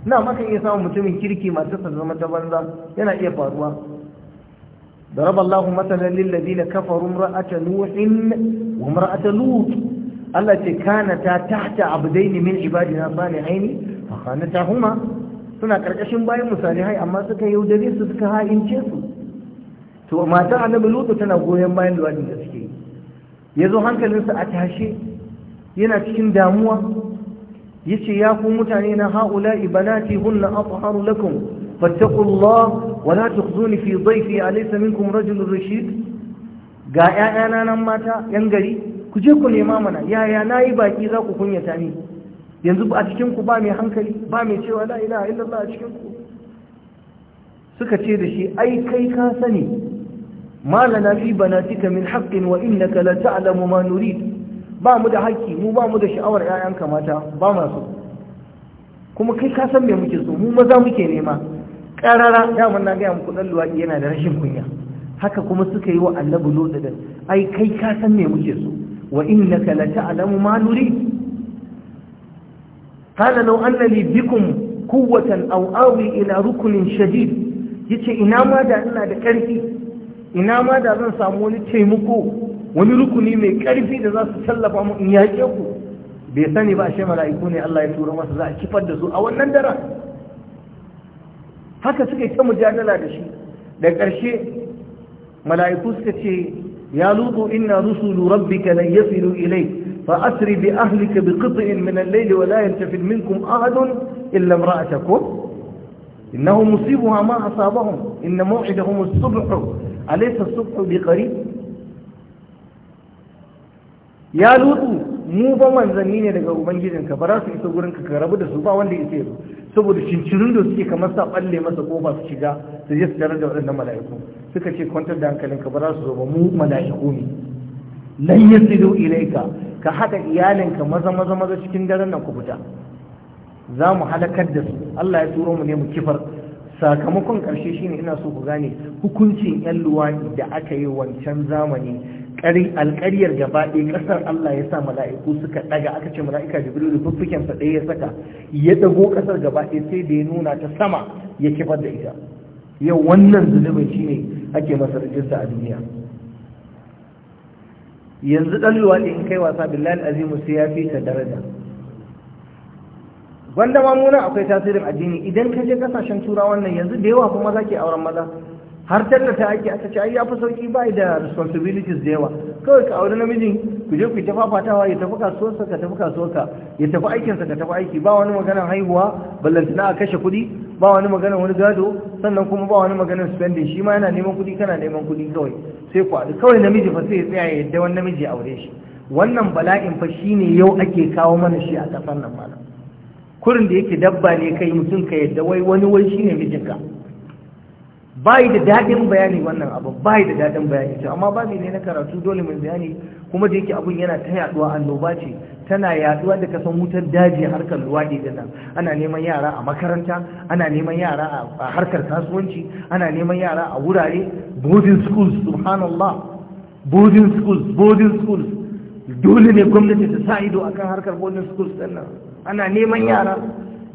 na maka iya samun mutumin kirki matarsa zama ta banza yana iya faruwa ضرب الله مثلا للذين na امرأة نوح وامرأة لوط التي min ibadina, عبدين من عبادنا ta huma. suna karkashin bayan misalihai amma suka yaudare su suka ha'ince su to matan annabi lutu tana goyon bayan luwadin da suke ya zo hankalinsa a tashe yana cikin damuwa ya ce ya ku mutane na ha'ula ibanati hunna atharu lakum fattaqullah wa la tukhzuni fi dhayfi alaysa minkum rajulun rashid ga 'ya'yana nan mata yan gari ku je ku nema mana yaya nayi baki za ku kunyata ni yanzu a cikinku ba mai hankali ba mai cewa la ilaha illallah a cikin suka ce da shi ai kai ka sani ma na fi banatika min haqqin wa innaka la ta'lamu ma nurid ba mu da haƙƙi mu ba mu da sha'awar ƴaƴan mata ba ma so kuma kai ka san me muke so mu maza muke nema ƙarara mun na gaya muku ɗan luwaɗi yana da rashin kunya haka kuma suka yi wa annabi lodin ai kai ka san me muke so wa innaka la ta'lamu ma nurid qala law anna li bikum quwwatan aw awi ila rukunin shadid yace ina ma da ina da karfi ina ma da zan samu wani taimako wani rukuni mai karfi da za su tallafa mu in yaƙe ku bai sani ba ashe mala'iku ne Allah ya tura masa za a kifar da su a wannan dara? haka suka yi ta mujadala da shi da ƙarshe mala'iku suka ce ya lutu inna rusulu rabbika lan yasilu ilayk فأسري بأهلك بقطع من الليل ولا يلتفت منكم أحد إلا امرأتكم إنه مصيبها ما أصابهم إن موعدهم الصبح أليس الصبح بقريب ya lutu mu ba manzanni ne daga ubangijinka ba za su isa gurinka ka da su ba wanda isa yanzu saboda cincirin da suke kamar sa balle masa kofa su shiga su je su tarar da waɗannan mala'iku suka ce kwantar da ba za su zo ba mu mala'iku ne lan yasilu ilaika ka haɗa iyalinka maza maza maza cikin daren nan ku fita za mu halakar da su Allah ya turo mu ne mu kifar sakamakon ƙarshe shine ina so ku gane hukuncin yan luwani da aka yi wancan zamani alƙaryar gaba ɗaya ƙasar Allah ya sa mala'iku suka ɗaga aka ce mala'ika da fuffuken sa ɗaya ya saka ya ɗago ƙasar gaba ɗaya sai da ya nuna ta sama ya kifar da ita yau wannan zunubin shine ake masa rijista a duniya yanzu dan ne in kai wasa billahi azimu sai ya fi ta daraja wanda ma muna akwai tasirin addini idan ka je kasashen turawan nan yanzu da yawa kuma zaki auren maza har tallata ake aka ce ai ya sauki ba da responsibilities da yawa kawai ka auri namijin ku je ku yi fatawa, ya tafi kasuwarsa ka tafi kasuwarka ya tafi aikinsa ka tafi aiki ba wani maganar haihuwa ballantana a kashe kuɗi ba wani magana wani gado sannan kuma ba wani magana spending shi ma yana neman kudi kana neman kuɗi kawai sai kwaɗi kawai namiji fa sai ya tsaya yadda wani namiji aure shi wannan bala'in fa shine yau ake kawo mana shi a ƙasar nan ma kurin da yake dabba ne kai mutum ka yadda wai wani wai shine mijinka yi da daɗin bayani wannan abu yi da daɗin bayani to amma babi ne na karatu dole mun bayani kuma da yake abun yana ta yaduwa annoba ce tana yaduwa da kasan wutar daji harkar luwaɗi da nan ana neman yara a makaranta ana neman yara a harkar kasuwanci ana neman yara a wurare boarding schools subhanallah boarding schools boarding schools dole ne gwamnati ta sa ido akan harkar boarding schools din nan ana neman yara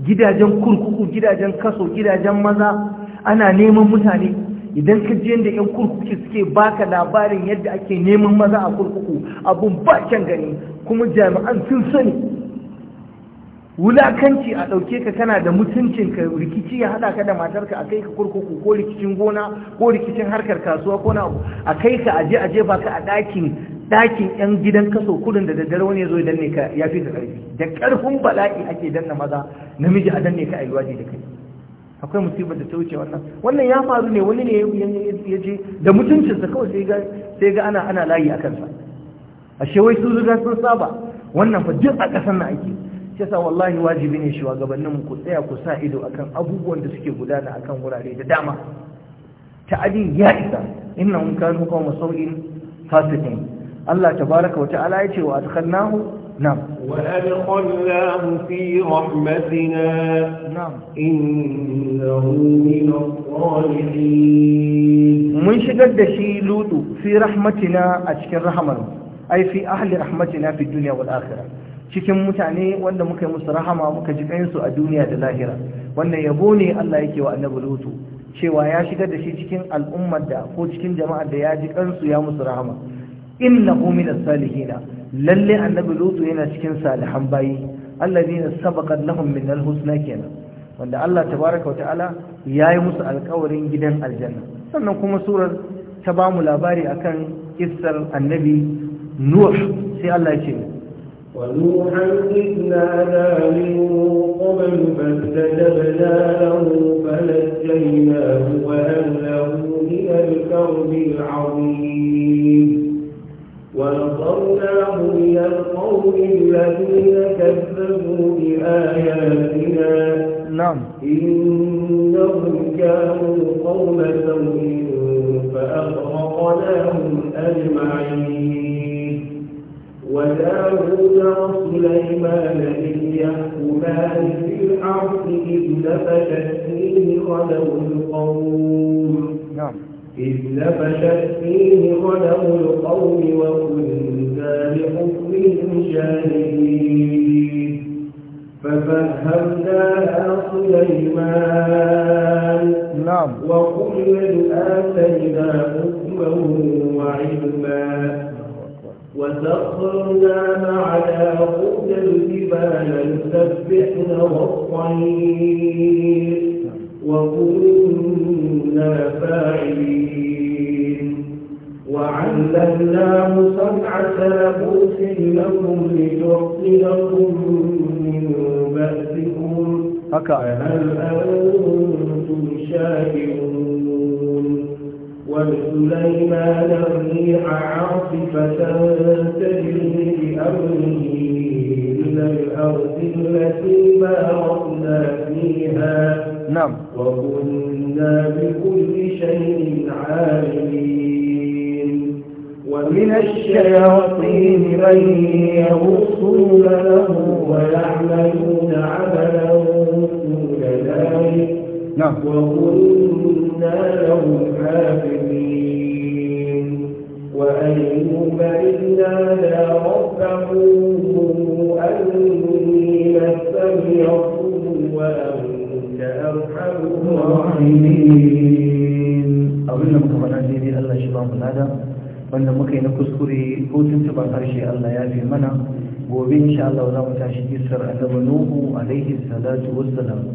gidajen kurkuku gidajen kaso gidajen maza ana neman mutane idan ka je yadda yan kurkuku suke baka labarin yadda ake neman maza a kurkuku abun bakin gani kuma jami'an sun sani wulakanci a ɗauke ka kana da mutuncin ka rikici ya haɗa ka da matarka a kai ka kurkuku ko rikicin gona ko rikicin harkar kasuwa ko na a kai ka aje aje ba ka a ɗakin ɗakin yan gidan kaso kudin da daddare wani ya zo ya danne ka ya fi da ƙarfi da ƙarfin bala'i ake danna maza namiji a danne ka a yi da kai akwai musibar da ta wuce wannan wannan ya faru ne wani ne ya je da mutuncinsa kawai sai ga ana ana layi a kansa ashe wai su zuga sun saba wannan fa duk a ƙasar na ake shi sa wallahi wajibi ne shugabanninmu ku tsaya ku sa ido akan abubuwan da suke gudana akan wurare da dama Ta adi ya isa innahum kanu qawma sau'in fasikin Allah tabaaraka wa ta'ala ya ce wa adkhalnahu نعم وأدخلناه في رحمتنا نعم إنه من الصالحين من شقد شي لوط في رحمتنا أشكر رحمة أي في أهل رحمتنا في الدنيا والآخرة cikin mutane wanda muka yi musu rahama muka ji su a duniya da lahira wannan yabo ne Allah yake wa annabi lutu cewa ya shigar da shi cikin al'ummar da ko cikin jama'ar da ya ji kansu ya musu rahama إنه من الصالحين للي أن بلوط هنا سكن صالحا باي الذين سبقت لهم من الحسنى كنا وأن الله تبارك وتعالى يا يمس الكورين جدا الجنة سنكم سورة تبع ملاباري أكن إثر النبي نوح سي الله يشير ونوحا إذ نادى من قبل فاستجبنا له فنجيناه وأهله من الكرب العظيم ونصرناهم إلى القوم الذين كذبوا بآياتنا نعم إنهم كانوا قوم سوء فأغرقناهم أجمعين وداود وسليمان إذ يحكمان في الحرث إذ نَفَشَتْ فيه غدو القوم نعم إذ نفشت فيه غنم القوم وكنا لحكمهم شاهدين ففهمناها سليمان نعم وكلا آتينا حكما وعلما وسخرنا مع داود الجبال يسبحن والطير وكنا فاعلين وعلمناه صنعة لبوس لكم لتعطلكم من بأسكم فهل أنتم شاهدون ولسليمان الريح عاصفة تجري بأمره من الأرض التي باركنا فيها نعم وكنا بكل شيء عالمين ومن الشياطين من يغصون له ويعملون عملا دون ذلك نعم وكنا لهم حافظين وأيوب إذ نادى ربه أني مسني الضر وأنت أرحم الراحمين أظن مكبر عزيزي الله شباب هذا wanda muka yi na kuskure ko tuntuba harshe Allah ya fi mana gobe insha Allah za mu tashi kisar annabi Nuhu alaihi salatu wassalam